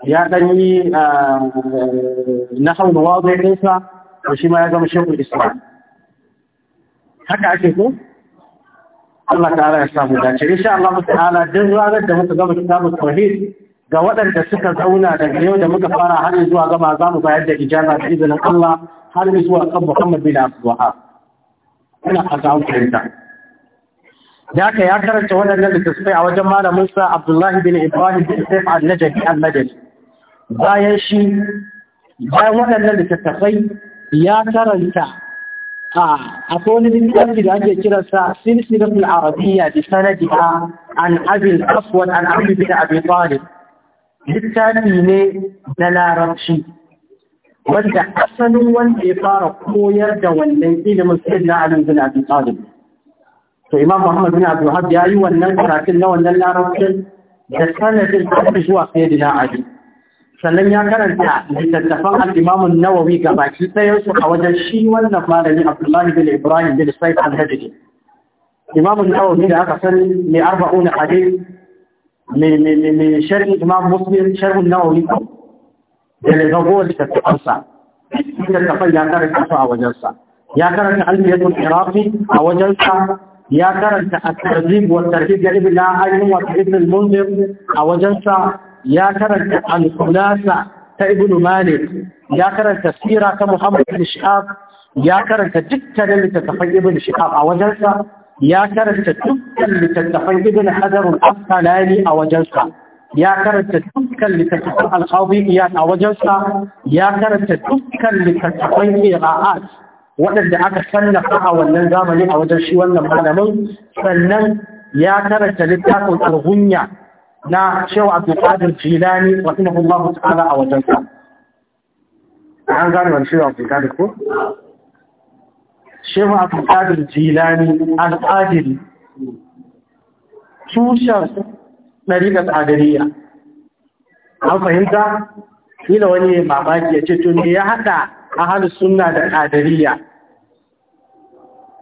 ya ɗan yi ah, eh, nahwu wadih ɗinsa to shi ma ya gama shekul islam haka ake ko Allah ta'ala ya samu dace insha Allah ta'ala duk ranar da muka gama kitabun tawhid ga waɗanda suka zauna daga yau da muka fara har zuwa gama za mu bayar da ijaba da izinin Allah har zuwa kan Muhammad bin Abdullah ina fata an fahimta da haka ya karanta waɗannan littattafai a wajen malamin sa Abdullah bin Ibrahim bin Saif al-Najdi al-Madani bayan shi bayan waɗannan littattafai ya karanta akwai wani littafi da ake kiransa silsilatul arabiyya bi sanadiha an abi al-aswad an abi bin abi talib littafi ne na larabci wanda asalin wanda ya fara koyar da wannan ilimin sai na alim bin abi talib to imam muhammad bin abdul wahab ya yi wannan karatun na wannan larabcin da sanadin da zuwa sai da ali sannan ya karanta littattafan al-imam an-nawawi gabaki ɗayan su a wajen shi wannan malami abdullahi bin ibrahim bin sa'id al-hajji imam an-nawawi da aka sani mai arba'una hadith mai mai mai sharhi imam muslim sharh an-nawawi da ne ragowar littattafansa littattafan ya karanta su a wajensa ya karanta almiyatul irafi a wajensa ya karanta at-tarhib wa tarhib da ibn al-ayn wa ibn al-munzir a wajensa ya karanta al-khulasa ta ibn malik ya karanta sira ta muhammad ibn shihab ya karanta dukkanin littattafan ibn shihab a wajensa ya karanta dukkan littattafan ibn hadar al-asqalani a wajensa ya karanta dukkan littattafan alƙawai iyad a wajensa ya karanta dukkan littattafan ƙira'at waɗanda aka sallafa a wannan zamani a wajen shi wannan malamin sannan ya karanta littafin alhunya na shehu abdulkadir jilani rahimahullahu ta'ala a wajensa an gane wani shehu abdulkadir ko shehu abdulkadir jilani al-qadiri tushen ɗariƙar tsadariya an fahimta kila wani mamaki ya ce tuni ya haɗa a hannun suna da tsadariya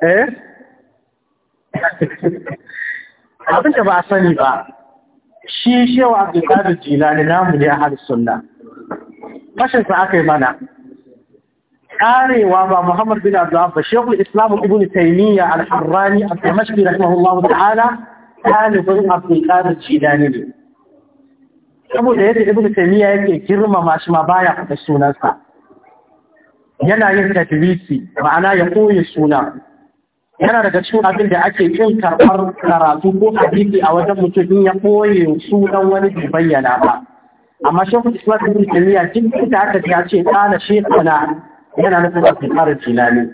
eh abin da ba a sani ba shi shewa abdulkadir jilani namu ne a hannun suna fashinsa aka yi mana Ƙarewa ba Muhammad bin Abdullah ba Sheikhul Islam Ibn Taymiyyah Al-Harrani al rahimahullahu ta'ala ɗalibin ci cidani ne saboda yadda ibn taymiya yake girmama shi ma baya faɗa sunansa yana yin tadrisi ma'ana ya koye suna yana daga cikin abin da ake kin karɓar karatu ko hadisi a wajen mutum ya koye sunan wani bai bayyana ba amma shekul islam ibn taymiya duk da aka ya ce kana yana nufin abdulkadir jilani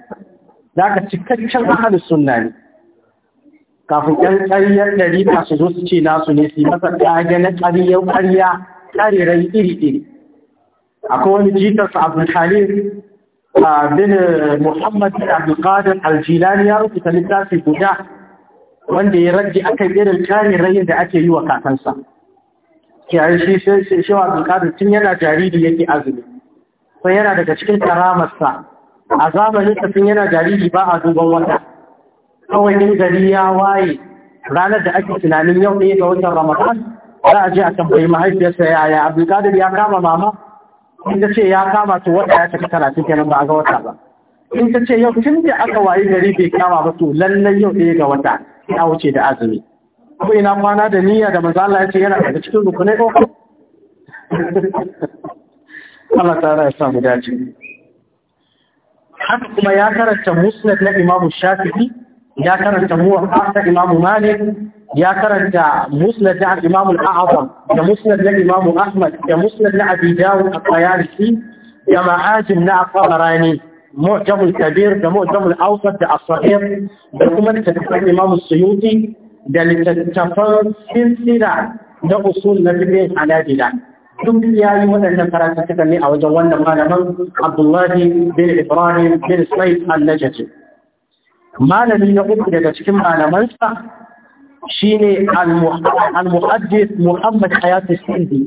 da aka cikakken ahalus sunna ne kafin ƴan ƙaryar ɗari su zo su ce nasu ne su yi masa ƙage na ƙaryar ƙarya ƙarirai iri-iri akwai wani jitarsa a bin muhammad abdulkadir aljilani ya ta littafi guda wanda ya rage akan irin ƙarirai da ake yi wa kakansa yayin shi shi wa abdulkadir tun yana jariri yake azumi sai yana daga cikin karamarsa a zamanin tafin yana jariri ba a duban wata kawai gari ya waye ranar da ake tunanin yau ne ga watan ramadan za a je a tambayi mahaifiyarsa yaya abdulkadir ya kama mama in ta ce ya kama to wata ya tafi talatin kenan ba a ga wata ba in ta ce yau tun da aka waye gari bai kama ba to lallai yau ne ga wata ya wuce da azumi abu ina kwana da niyya da manzo Allah ya ce yana daga cikin rukunai ko Allah ta ya samu dace haka kuma ya karanta musnad na Imam Shafi'i ya karanta muwatta ta Imam Malik ya karanta Musnad na Imam Al-A'zam da Musnad na Imam Ahmad da Musnad na Abi Dawud al-Tayalisi da Ma'ajim na Al-Tabarani معجم الكبير ده معجم الأوسط ده الصغير ده Imam تتفهم الإمام السيوطي ده لتتفهم سلسلة ده أصول نبيه على دلال duk ya yi waɗannan karatu ne a wajen wannan malaman Abdullahi bin Ibrahim bin Said al-Najaji. malami ya uku daga cikin malamansa shine al-muhaddis Muhammad Hayat al-Sindi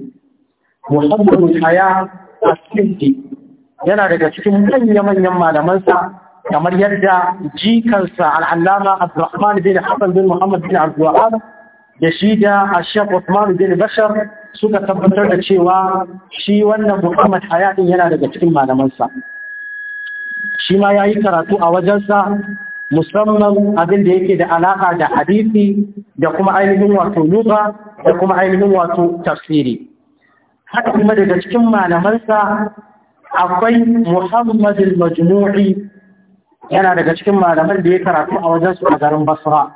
Muhammad Hayat sindi yana daga cikin manya-manyan malamansa kamar yadda jikansa al-Allama Abdurrahman bin Hassan bin Muhammad bin al Abdulwahab da shi da Ashaf Uthman bin Bashar suka tabbatar da cewa shi wannan Muhammad Hayat yana daga cikin malamansa shi ma yi karatu a wajensa musamman abin da yake da alaka da hadisi da kuma ainihin wato lugha da kuma ainihin wato tafsiri haka kuma daga cikin malamansa akwai Muhammad al-Majmu'i yana daga cikin malaman da ya karatu a wajen su a garin Basra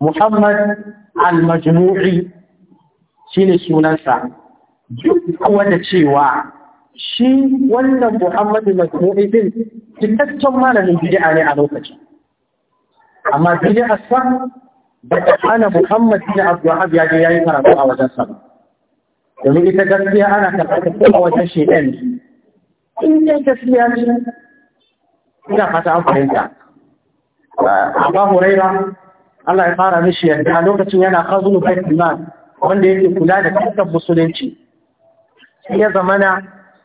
Muhammad al-Majmu'i shine sunansa duk wanda cewa shi wannan Muhammad al-Majmu'i din cikakken malamin bid'a ne a lokacin amma bid'a sa da ta hana Muhammad bin Abdul ya je yayi karatu a wajen sa domin ita gaskiya ana karatu a wajen shedan in dai gaskiya ne ina fata an fahimta ah, ba Huraira Allah ya fara mishi yadda lokacin yana kazunu kai iman wanda yake kula da kasar musulunci sai ya zamana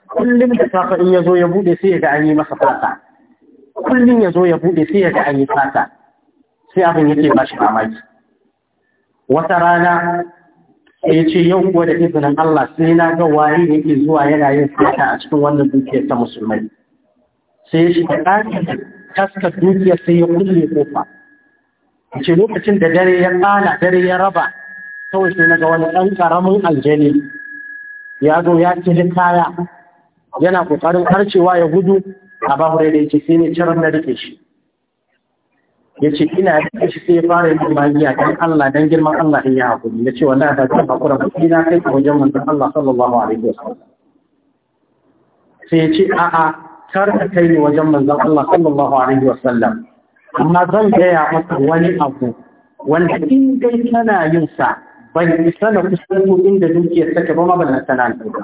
kullum da safa in ya zo ya bude sai ya ga an yi masa fata kullum ya zo ya bude sai ya ga an yi fata sai abin yake ba shi mamaki wata rana sai ce yau kuwa da izinin Allah sai na ga wari yake zuwa yana yin sata a cikin wannan dukiyar ta musulmai sai ya shiga ɗakin taskar dukiyar sai ya kulle kofa ce lokacin da dare ya ƙana dare ya raba kawai sai na ga wani ɗan ƙaramin aljani ya zo ya kiri kaya yana ƙoƙarin harcewa ya gudu a babu da yake sai ne cirar na rike shi ya ce ina da shi sai ya fara yin magiya don Allah dan girman Allah in ya haƙuri ya ce wallahi ba ta ba ina kai ka wajen manzon Allah sallallahu alaihi wasallam sai ya ce a'a kar ka kai ni wajen manzon Allah sallallahu alaihi wasallam amma zan gaya maka wani abu wanda in dai kana yin sa ban isa na kusanto inda dukiyar take ba ma ban sana ne ba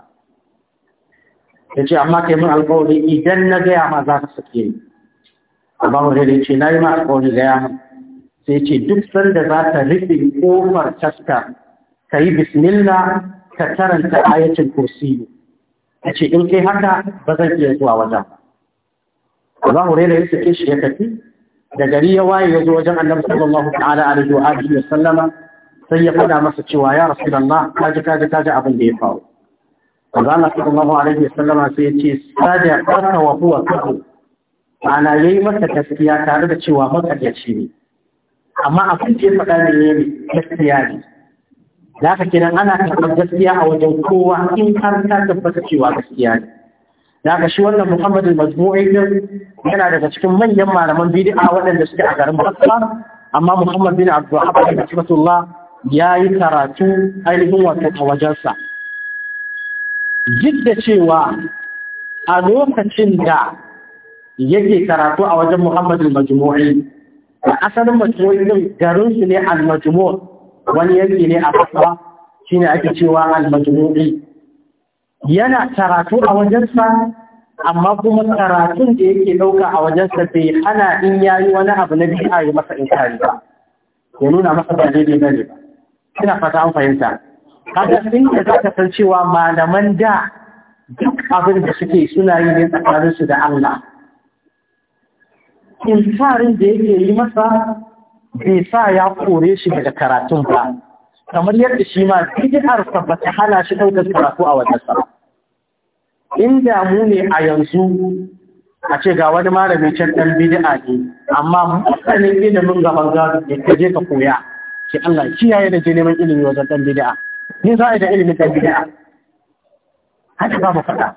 ya ce amma kai mun alƙawari idan na gaya ma za ka sake ni Abu ce na yi ma alƙawari ga yamu sai ce duk sanda za ta rufe ƙofar taska yi bismillah ka karanta ayatul kursi ce in kai haka ba zan iya zuwa wajen Abu Hurairah ya ke shi ya tafi da gari ya waye ya zo wajen Annabi sallallahu ta'ala alaihi wa alihi wa sallama sai ya faɗa masa cewa ya Rasulullah kaji kaji kaji abin da ya faru. Allah sallallahu alaihi wa sallama sai ya ce sada ƙarfa wa huwa kahu ma'ana ya yi masa gaskiya tare da cewa makaryaci ne amma abin da ya faɗa ne ya ne gaskiya ne za ka kiran ana karɓar gaskiya a wajen kowa in har ta tabbata cewa gaskiya ne za ka shi wannan muhammadin mazmu'i din yana daga cikin manyan malaman bid'a waɗanda suke a garin Basra amma Muhammad bin Abdullah ya yi karatu ainihin a wajensa duk da cewa a lokacin da yake karatu a wajen Muhammadu Majmu'i a asalin majmu'i din garin shi ne al-Majmu' wani yanki ne a Basra shine ake cewa al-Majmu'i yana karatu a wajensa amma kuma karatun da yake dauka a wajensa bai hana in yayi wani abu na bid'a ya masa inkari ba ya nuna masa ba daidai ba ne kina fata an fahimta kaga sun ka zaka san cewa malaman da duk abin da suke suna yi ne tsakaninsu da Allah inkarin da yake yi masa bai sa ya kore shi daga karatun ba kamar yadda shi ma bid'arsa ba ta hana shi ɗaukar karatu a wajen sa in damu ne a yanzu a ce ga wani malami can ɗan bid'a ne amma mutanen ilimin gaban gado ne ka je ka koya ki Allah kiyaye da je neman ilimi wajen ɗan bid'a ni za a yi da ilimin ɗan bid'a haka ba mu faɗa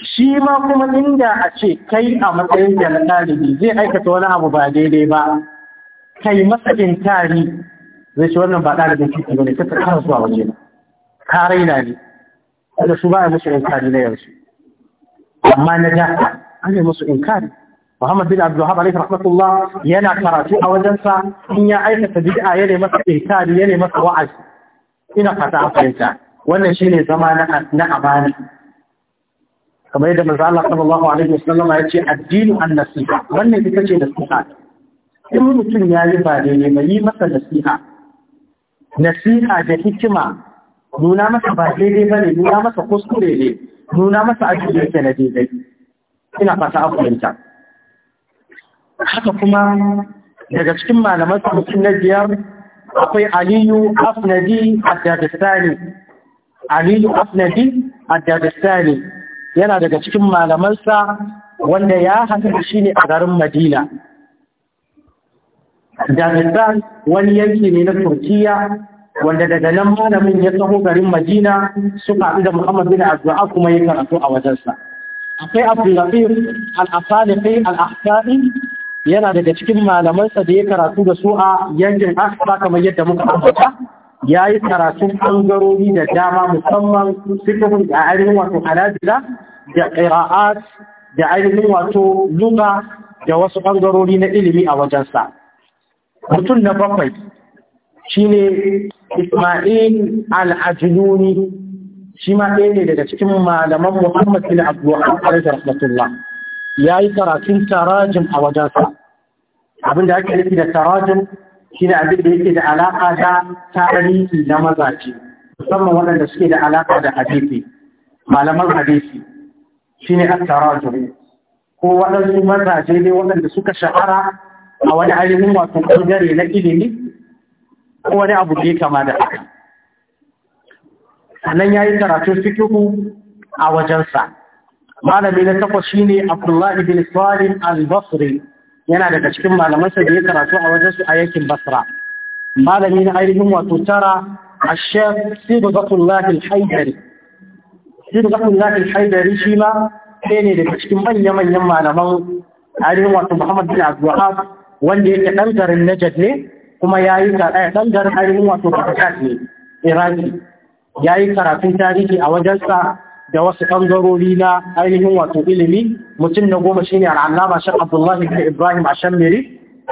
shi ma kuma inda a ce kai a matsayin da na ɗalibi zai aikata wani abu ba daidai ba kai masa tari zai ce wannan ba ɗalibin kiki ba ne ta tsakar zuwa waje ba ka raina ne da su ba a musu inkari na yanzu amma na da an yi musu inkari Muhammad bin Abdul Wahab alaihi rahmatullah yana karatu a wajensa in ya aikata bid'a ya ne masa inkari ya ne masa wa'azi ina fata a fahimta wannan shine zama na amana kamar yadda manzo Allah sallallahu alaihi wasallam ya ce addinu an-nasiha wannan ita ce da suka in mutum ya yi ba daidai ba yi masa nasiha nasiha da hikima nuna masa ba daidai ba ne nuna masa kuskure ne nuna masa abin da yake na daidai ina fata a fahimta haka kuma daga cikin malaman mutum na biyar akwai aliyu afnadi a dagestani aliyu afnadi a dagestani yana daga cikin malamansa wanda ya haɗu shi ne a garin Madina. Dagestan wani yanki ne na Turkiyya wanda daga nan malamin ya taho garin Madina suka haɗu da Muhammad bin Azza'a kuma ya karatu a wajensa. Akwai Abdullatif al-Asalifi al asali yana daga cikin malamansa da ya karatu da su a yankin Asaba kamar yadda muka ambata. ya yi karatun ɓangarori da dama musamman sifofin a ainihin wato halajira da ƙira'at da ainihin wato luga da wasu ɓangarori na ilimi a wajensa. Mutum na bakwai shi ne Ismail al'ajiluni shi ma ɗaya ne daga cikin malaman Muhammad bin Abdullahi Alaihi Rahmatullah ya yi karatun tarajin a wajensa. Abin da ake nufi da tarajin shi ne abin da yake da alaƙa da tarihi na mazaje, musamman waɗanda suke da alaƙa da hadisi, malaman hadisi. shine at-tarajum ko waɗansu mazaje ne waɗanda suka shahara a wani ainihin wato ɓangare na ilimi ko wani abu da ya kama da haka sannan ya yi karatun fikihu a wajensa malami na takwas shine abdullahi bin salim al-basri yana daga cikin malamansa da ya karatu a wajensu a yankin basra malami na ainihin wato tara a shek sibbatullah al-haidari jin zafin zafin haidari shi ma ɗaya ne daga cikin manya-manyan malaman arewa wato Muhammad bin Abdu'ab wanda yake ɗan garin najad ne kuma ya yi eh, ɗan garin arewa wato Baghdad ne Iraki ya yi karatun tarihi a wajensa da wasu ɓangarori na ainihin wato ilimi mutum na goma shine al'allama shan Abdullahi bin Ibrahim a Shammiri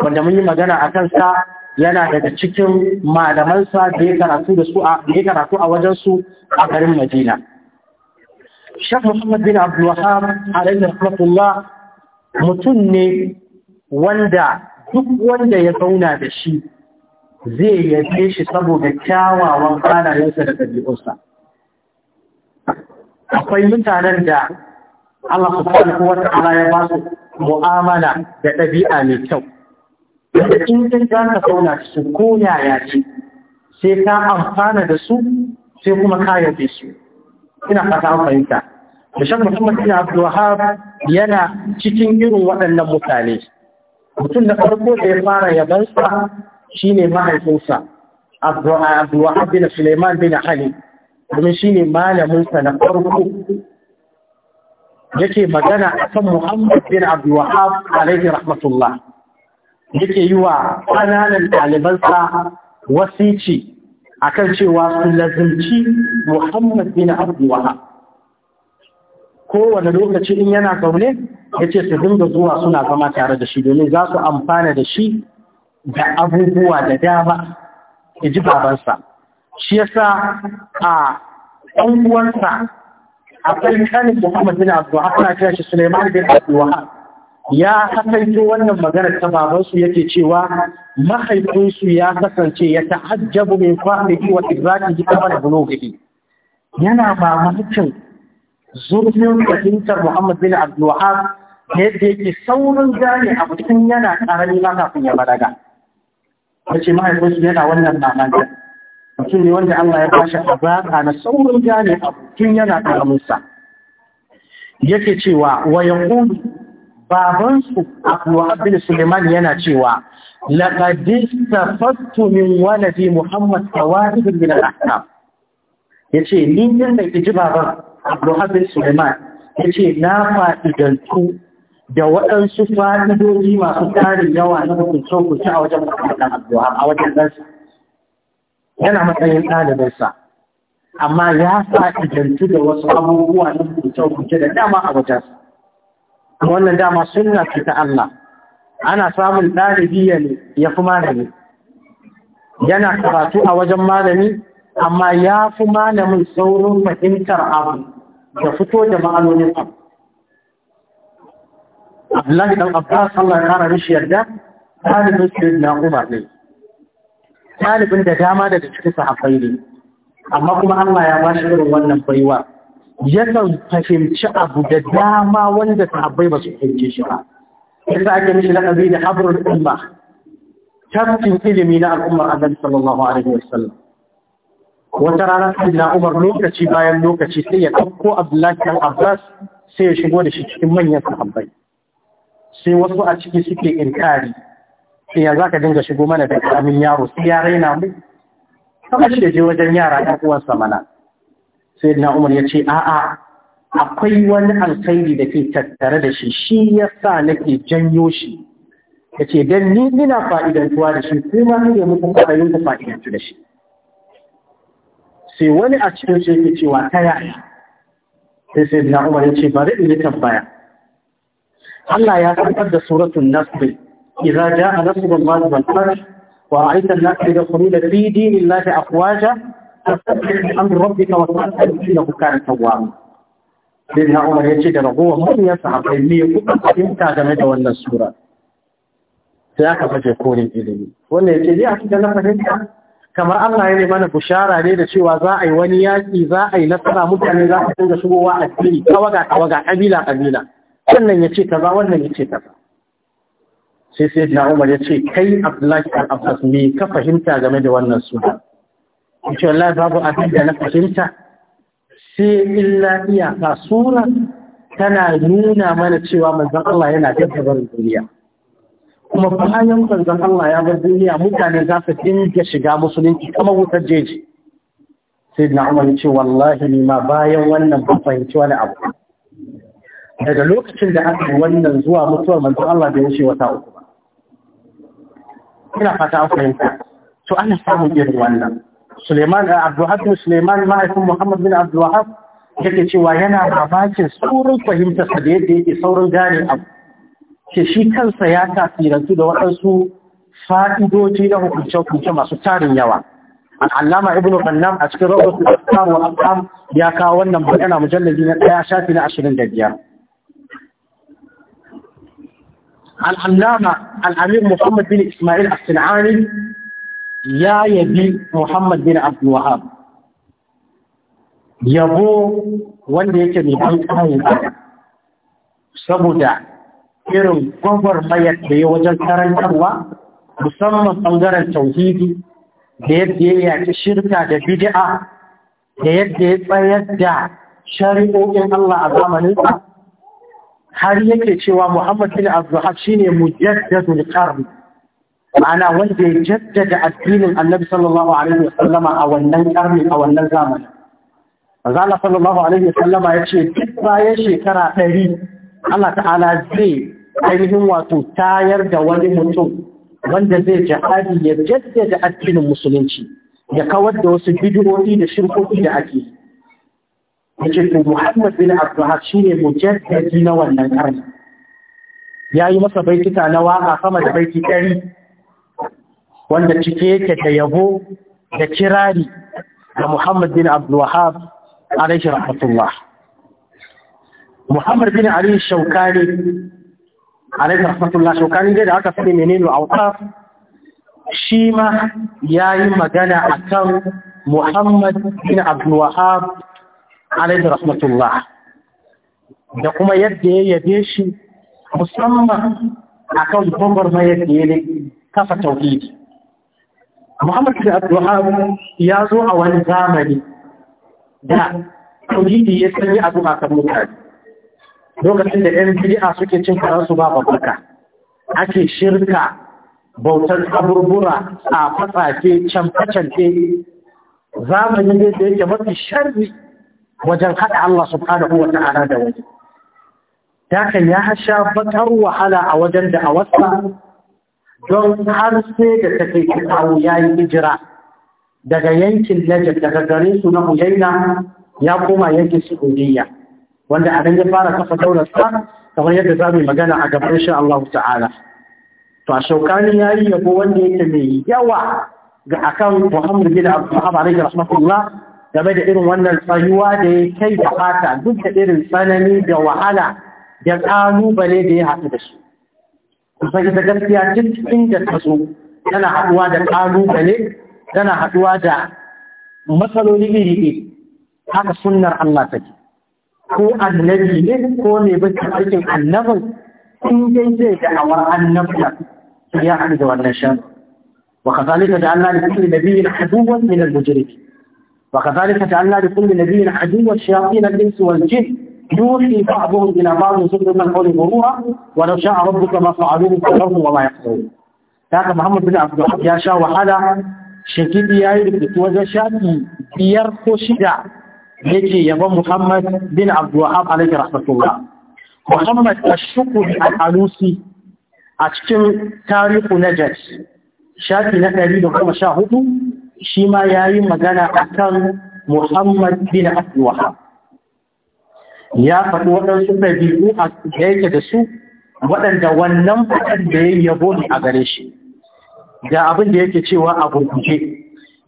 wanda mun yi magana a kansa yana daga cikin malamansa da ya karatu a ya karatu wajensu a garin Madina Shaf Muhammad bin Abdul Wahab alaihi rahmatullah mutum ne wanda duk wanda ya zauna da shi zai yabe shi saboda kyawawan halayensa da ɗabi'unsa. Akwai mutanen da Allah subhanahu wa ta'ala ya ba su mu'amala da ɗabi'a mai kyau. Da in kin ka zauna su ko yaya ce, sai ka amfana da su sai kuma ka yabe su. ina fata an fahimta da shan muhammad bin abdul yana cikin irin waɗannan mutane mutum da farko da ya fara yabansa shine mahaifinsa abdul bin suleiman bin ali domin shine malaminsa na farko yake magana kan muhammad bin abdul alaihi rahmatullah yake yi wa ƙananan ɗalibansa wasici akan cewa su lazimci Muhammad bin Abdul kowane lokaci in yana zaune ya ce su dinga zuwa suna zama tare da shi domin za su amfana da shi da abubuwa da dama ya ji babansa shi yasa a ɗan a kai, kanin Muhammad bin Abdul Wahab ana cewa shi Suleiman bin Abdul Wahab ya hasaito wannan maganar ta babansu yake cewa mahaifinsu ya kasance ya ta'ajjabu min fahimci wa idraki kamar bulogihi yana ba mamakin zurfin fahimtar Muhammad bin ne da yadda yake saurin gane abu tun yana ƙarami ma kafin ya daga. Wace mahaifinsu yana wannan mamakin. Mutum ne wanda Allah ya bashi azaka na saurin gane abu tun yana ƙaraminsa. Yake cewa wa yanqulu babansu Abdulwahab bin Suleiman yana cewa لقد استفدت من ولدي محمد ثوابت من الاحكام yace ni din da kiji baban Abdulhafiz Suleiman yace na fa'idantu da waɗansu fa'idoji masu tarin yawa na hukuncin ku a wajen makarantar addu'a a wajen ɗansa yana matsayin sa, amma ya fa'idantu da wasu abubuwa na hukuncin ku da dama a wajen wannan dama sunna ce ta Allah ana samun ɗalibi ya ne ya fi malami yana karatu a wajen malami amma ya fi malamin saurin fahimtar abu da fito da ma'anonin abu Abdullahi ɗan Abbas sallar ya kara rishi yarda ɗalibin yi na Umar ne ɗalibin da dama daga cikin sahabbai ne amma kuma Allah ya ba shi irin wannan baiwa yakan fahimci abu da dama wanda sahabbai ba su fahimce shi ba da za a ke mishi laƙabi da habrul umma tafkin ilimi na al'ummar annabi sallallahu alaihi wasallam wata rana sai na umar lokaci bayan lokaci sai ya ɗauko abdullahi dan abbas sai ya shigo da shi cikin manyan sahabbai sai wasu a ciki suke inkari sai eh, ya zaka dinga shigo mana da karamin yaro sai ya raina mu kuma shi je wajen yara ɗan uwansa mana sai na umar ya ce a'a akwai wani alkhairi da ke tattare da shi shi ya sa nake janyo shi ya ce don ni ina fa'idantuwa da shi kuma ne mutum ƙwararrun ta fa'idantu da shi sai wani a cikin shi ke cewa ta yaya sai sai na umar ya ce bari in yi tambaya Allah ya tabbatar da suratun nasbi idza jaa nasrullahi wal fath wa ra'aita an-nasa yadkhuluna fi dinillahi afwaja fastaghfir li amri rabbika wa ta'ala innahu kana tawwaba sai na umar ya ce da ragowar manyan sahabbai kuma kuka fahimta game da wannan sura sai aka fashe korin ilimi wannan ya ce ni a cikin na fahimta kamar Allah ya ne mana bushara ne da cewa za a yi wani yaƙi za a yi nasara mutane za su dinga shigowa a fili kawaga kawaga kabila kabila wannan ya ce kaza wannan ya ce kaza sai sai na umar ya ce kai abdullahi al-abbas me ka fahimta game da wannan sura in ce wallahi babu abin da na fahimta sai illa iyaka sura tana nuna mana cewa Manzan Allah yana da barin duniya kuma bayan Manzan Allah ya bar duniya mutane za su dinga shiga musulunci kamar wutar jeji sai na Umar ce wallahi ni ma bayan wannan ban fahimci wani abu daga lokacin da aka wannan zuwa mutuwar manzan Allah da ya ce wata uku ba ina fata an fahimta to ana samun irin wannan Suleiman eh, Abdulhaq Suleiman mahaifin Muhammad bin Abdulwahab yake cewa yana mamakin saurin fahimtar sa da yadda yake saurin gane abu ke shi kansa ya tasirantu da waɗansu fa'idoji na hukunce-hukunce masu tarin yawa al'allama ibn bannam a cikin rahoton al-asam wa ya kawo wannan magana mujallabi na ɗaya shafi na ashirin da biyar al'allama al'amir muhammad bin ismail as-sin'ani ya yabi Muhammad bin Abdul Wahab yabo wanda yake mai ban kayan saboda irin gwagwarmayar da ya wajen karantarwa musamman ɓangaren tauhidi da yadda ya yaci shirka da bid'a da yadda ya tsayar da shari'o'in Allah a zamaninsa har yake cewa Muhammad bin Abdul Wahab shine mujaddadul qarni ma'ana wanda ya jaddada addinin annabi sallallahu alaihi wasallama a wannan karni a wannan zamani manzo sallallahu alaihi wasallama ya ce duk bayan shekara ɗari Allah ta'ala zai ainihin wato tayar da wani mutum wanda zai jihadi ya jaddada addinin musulunci ya kawar da wasu bidiyoyi da shirkoki da ake yace to Muhammad bin Abdullah shine mujaddadi na wannan karni yayi masa baituka na waka sama da baiti ɗari wanda cike yake da yabo da kirari ga Muhammad bin Abdulwahab Wahhab alaihi rahmatullah Muhammad bin Ali Shaukani alaihi rahmatullah Shaukani dai da aka sani menene awqaf shi ma yayi magana akan Muhammad bin Abdulwahab Wahhab alaihi rahmatullah da kuma yadda ya yabe shi musamman akan bambar mai yadda ya kafa tauhidi Muhammad bin Abdul ya zo a wani zamani da tauhidi ya sanya abu a kan mutane. Lokacin da ‘yan bid'a suke cin faransu ba babbaka, ake shirka bautar aburbura a fatsafe can canfe zamanin ne da yake mafi sharri wajen haɗa Allah Su subhanahu wa ta'ala da wani. Dakan ya hasha batar wahala a wajen da a wasa don har sai da ta kai kawo ya yi hijira daga yankin Najaf daga garinsu su na Huyaina ya koma yankin Saudiya wanda a ya fara kafa daular kamar yadda za mu magana a gaban shi Allah ta'ala to a shaukani ya yi yabo wanda yake mai yawa ga akan Muhammad bin Abdul alaihi rahmatullah game da irin wannan tsayuwa da ya kai da fata duk da irin tsanani da wahala da kalubale da ya haɗu da su kusan ita gaskiya duk inda ta so tana haɗuwa da ƙalubale tana haɗuwa da matsaloli iri iri haka sunnar Allah take ko annabi ne ko ne bin cikin annabin in dai zai da awar annabta ya haɗu da wannan shan وكذلك جعلنا لكل نبي عدوا من المجرمين وكذلك جعلنا لكل نبي عدوا شياطين الانس والجن يوحي بعضهم إلى بعض سر من قول غرورا ولو شاء ربك ما فعلوه فذرهم وما يحصلون haka Muhammad bin Abdul ya sha wahala shakidi ya yi rubutu wajen shafi biyar ko shida yake yaban Muhammad bin Abdul Wahab alaihi rahmatullah Muhammad Ashukuri al-Alusi a cikin tarihu Najd shafi na da sha hudu, shi ma ya yi magana akan Muhammad bin Abdul ya faɗi waɗansu ɗabi'u a da yake da su waɗanda wannan faɗin da ya yabo ne a gare shi da abin da yake cewa a gurguje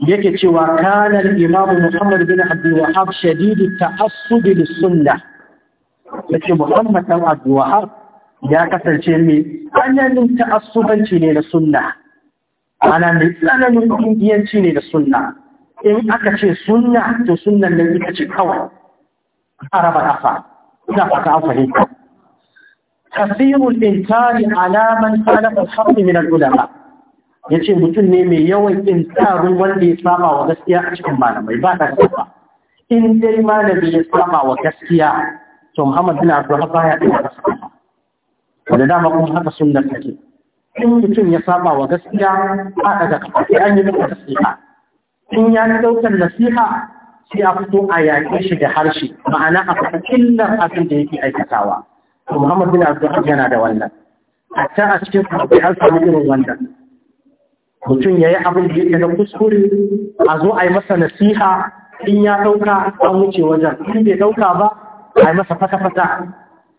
yake cewa kanar imamu muhammad bin abdul wahab shadidu ta'assub sunna. da ce muhammad dan abdul ya kasance mai tsananin ta'assubanci ne na sunna ana mai tsananin ƙungiyanci ne da sunna in aka ce sunna to sunnan nan ita ce kawai a raba ƙasa ina fata an fahimta kasirul intari alaman talafar haɗu min al'ulama ya ce mutum ne mai yawan intarin wanda ya saba wa gaskiya a cikin malamai ba ta saba in dai malami ya saba wa gaskiya to muhammad bin abdullahi baya ɗaya gaskiya wanda dama kuma haka sunnar take in mutum ya saba wa gaskiya a daga kafa an yi masa nasiha in ya ɗaukar nasiha sai a fito a yaƙe shi da harshe ma'ana a fata illar abin da yake aikatawa to Muhammad bin Abdul yana da wannan a ta a cikin sahabbai har samu irin wannan mutum ya yi abin da yake na kuskure a zo a yi masa nasiha in ya ɗauka an wuce wajen in bai ɗauka ba a yi masa fata-fata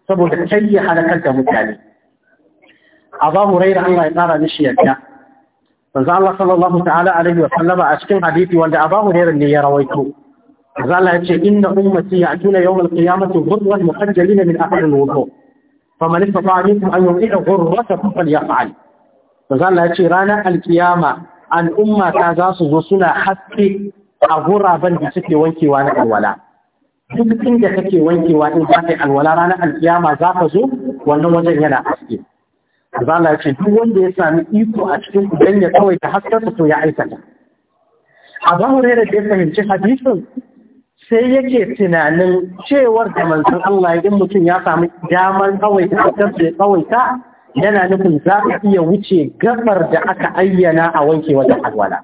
saboda kai ya halakar da mutane a ba mu raira Allah ya tsara mishi yadda manzo Allah sallallahu ta'ala alaihi wa sallama a cikin hadisi wanda Abu Hurairah ne ya rawaito zala ya ce inna ummati ya'tuna yawm al-qiyamati ghurran muhajjalin min ahli al-wudu faman istata'a minkum an yu'ida ghurratahu falyaf'al zala ya ce ranar al-qiyama al'umma za su zo suna haske a da take wankewa na alwala duk inda kake wankewa in za ka alwala ranar alkiyama za ka zo wannan wajen yana haske zala ce duk wanda ya sami iko a cikin idan ya kawai ta haskarsa to ya aikata a bahurera da ya fahimci hadisin sai yake tunanin cewar da manzon Allah idan mutum ya samu damar kawai ta kansa ya kawai ta yana nufin za ka iya wuce gabar da aka ayyana a wanke wata alwala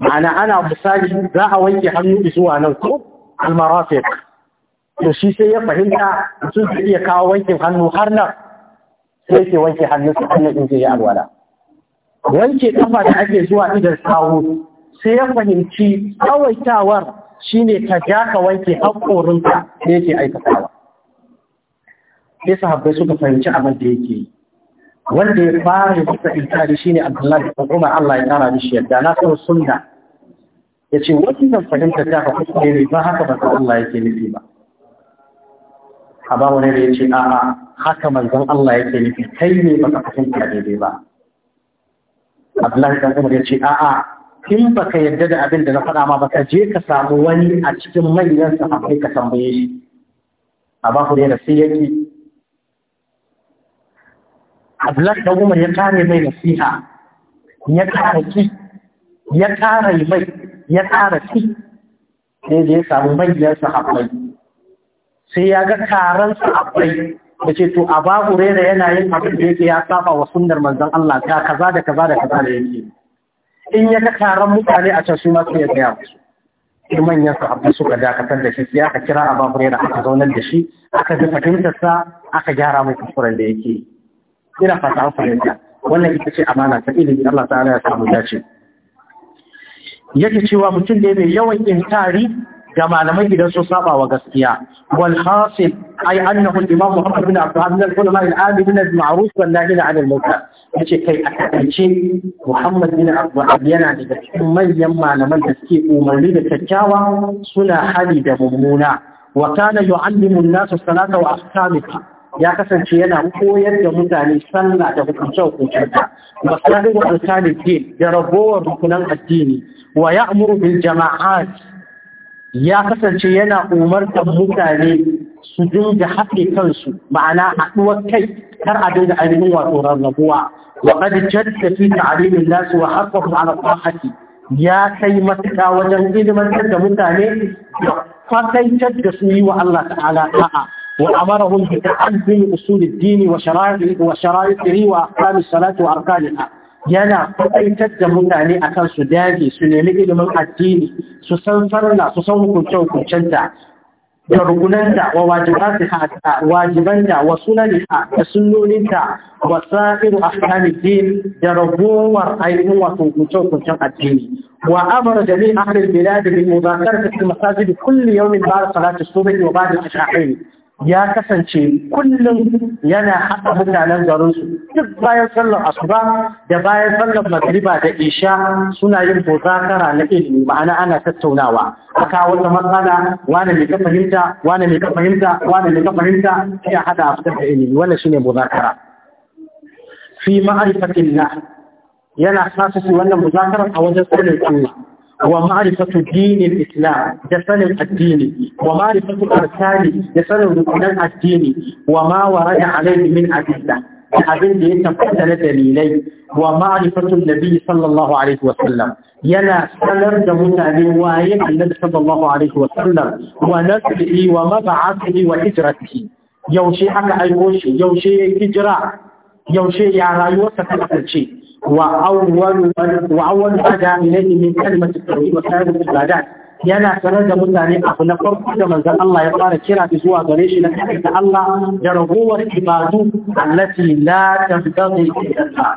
ma'ana ana misali za a wanke hannu zuwa nan ko almarafiq to shi sai ya fahimta mutum zai iya kawo wankin hannu har nan sai ke wanke hannu su hannun in ya alwala wanke kafa da ake zuwa idan sawu sai ya fahimci tsawaitawar shine ka ja ka wanke haƙorinka da yake aikatawa sai sahabbai suka fahimci abin da yake yi wanda ya fara da suka inkari shine Abdullahi da Umar Allah ya kara shi yadda na san sunna wasu wannan fahimta ta ka kuskure ne ba haka ba Allah yake nufi ba Aba wani da ce a'a haka manzon Allah yake nufi kai ne ba ka fahimta daidai ba Abdullahi bin Umar ce a'a in ka yarda da abin da na faɗa ma ka je ka samu wani a cikin manyan sahabbai ka tambaye shi da yana sai yake Abdullahi da Umar ya kare mai nasiha ya kare ki ya kare mai ya kare ki sai da ya samu manyan sahabbai sai ya ga taron sahabbai da ce to Aba Hurairah yana yin abin da yake ya saba wa sunnar manzon Allah ta kaza da kaza da kaza da yake in ya ga taron mutane a can su ma sai ya gaya in manyan su sahabbai suka dakatar da shi sai aka kira a babu da aka zaunar da shi aka ji fahimtarsa aka gyara mai kuskuren da yake ina fata an fahimta wannan ita ce amana ta ilimi Allah ta'ala ya samu dace yake cewa mutum ne mai yawan inkari ga malamai gidan sun saba wa gaskiya wal hasil ay annahu imam muhammad bin abdullah bin al-ulama al-alim al ma'ruf wal nahi an al-munkar yace kai a takaice muhammad bin abdullah yana daga cikin manyan malaman da suke umarni da kyakkyawa suna hali da mummuna wa kana yu'allimu an-nas salata wa ya kasance yana koyar da mutane sallah da hukunce hukuncinta masarin alkanin din da ragowar rukunan addini wa ya'muru amuru bil jama'at ya kasance yana umartar mutane su dinga haɗe kansu ma'ana haɗuwar kai kar a dinga ainihin wato rarrabuwa wa qad jadda fi ta'limin nas wa haqqahu ala ta'ati ya kai matuƙa wajen ilimantar da mutane da fataitar da su yi wa Allah ta'ala ta'a وأمرهم بتعلم أصول الدين وشرائعه وأحكام الصلاة وأركانها yana kwaɗaitar da mutane a kan su daji, su nemi ilimin addini su san farla su san hukunce hukuncenta da rukunanta wa wajibanta wa sunanta da sunnoninta wa sa'iru ahkamiddin da ragowar ainihin wasu hukuncen hukuncen addini wa amara jami'a ahlul bilad masajidi mudhakara fi ba kulli yawmin ba'da salati subhi wa ba'da al-isha'i ya kasance kullum yana haɗa mutanen garinsu duk bayan sallar asuba da bayan sallar magriba da isha suna yin bozakara na ilimi ma'ana ana tattaunawa kawo wata matsala wane mai ka fahimta wane mai ka fahimta wane mai ka fahimta haɗa a fitar da ilimi wannan shine bozakara. fi ma'arifatin na yana sasu su wannan bozakara a wajen sanin Allah ومعرفة دين الإسلام جسد الدين ومعرفة الأركان جسد الرسول الدين وما ورد عليه من أدلة أبن دين تقتل دليلي ومعرفة النبي صلى الله عليه وسلم ينا سلم من رواية النبي صلى الله عليه وسلم ونسله ومبعثه وإجرته يوشي حتى أيوشي يوشي إجراء يوشي يا رايوسة تقتل شيء وأول وأول ما جاء إليه من كلمة التوحيد وكلمة العبادات yana sanar da mutane abu na farko da manzon Allah ya fara kira su zuwa gare shi na da Allah da ragowar ibadu allati la tanqadi illa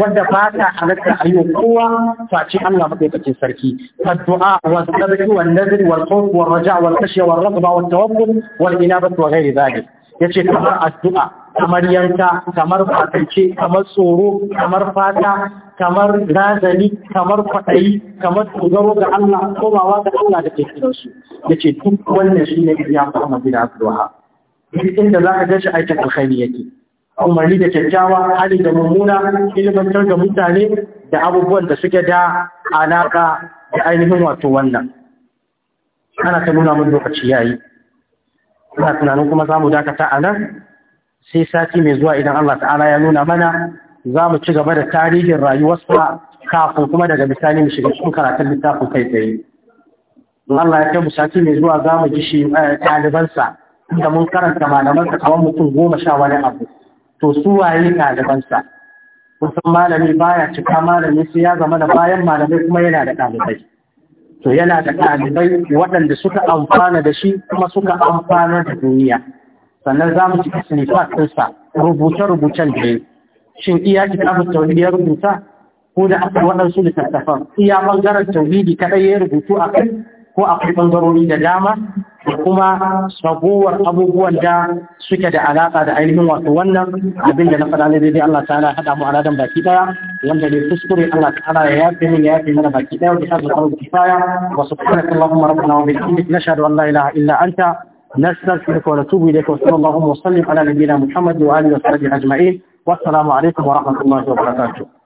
wadda ba ta halatta a yi kowa face Allah maɗaukacin sarki. Addu'a wa sadaki wa nazari wa khawf wa raja wa khashya wa ragba wa tawakkul wal inabatu wa ghairi zalik. ya ce kamar addu'a kamar yanka kamar fatance kamar tsoro kamar fata kamar razali kamar kwaɗayi kamar tsogaro ga Allah komawa ga Allah da ke kiransu ya ce duk wannan shi ne ya fama gida addu'a duk inda za ka gashi aikin alkhairi yake umarni da kyakkyawa hali da mummuna ilimantar da mutane da abubuwan da suke da alaka da ainihin wato wannan ana ta nuna mun lokaci yayi ina tunanin kuma za mu dakata a nan sai sati mai zuwa idan Allah ta'ala ya nuna mana za mu ci gaba da tarihin rayuwarsa kafin kuma daga misali mu shiga cikin karatun littafin kai tsaye in Allah ya kai mu sati mai zuwa za mu ji shi eh, ɗalibansa da mun karanta malamansa kamar mutum goma sha wani abu to su waye ɗalibansa kusan malami baya cika malami sai ya zama da bayan malamai kuma yana da ɗalibai to yana da ɗalibai waɗanda suka amfana da shi kuma suka amfanar da duniya sannan za mu cika sinifat ɗinsa rubuce-rubucen da ya shin iya kitabun tauhidi ya rubuta ko da aka waɗansu littattafan iya ɓangaren tauhidi kaɗai ya rubutu a kai ko akwai ɓangarori da dama da kuma sabuwar abubuwan da suke da alaƙa da ainihin wato wannan abin da na faɗa ne daidai Allah ta'ala haɗa mu aladan baki ɗaya wanda ne kuskure Allah ta'ala ya yafe min ya yafe mana baki ɗaya da hazar Allah kifaya wa subhanaka allahumma rabbana wa bihamdik nashhadu an la ilaha illa anta nastaghfiruka wa wa natubu ilayka sallallahu نستغفرك ونتوب ala nabiyyina muhammad wa alihi wa sahbihi ajma'in wa assalamu alaykum wa rahmatullahi wa barakatuh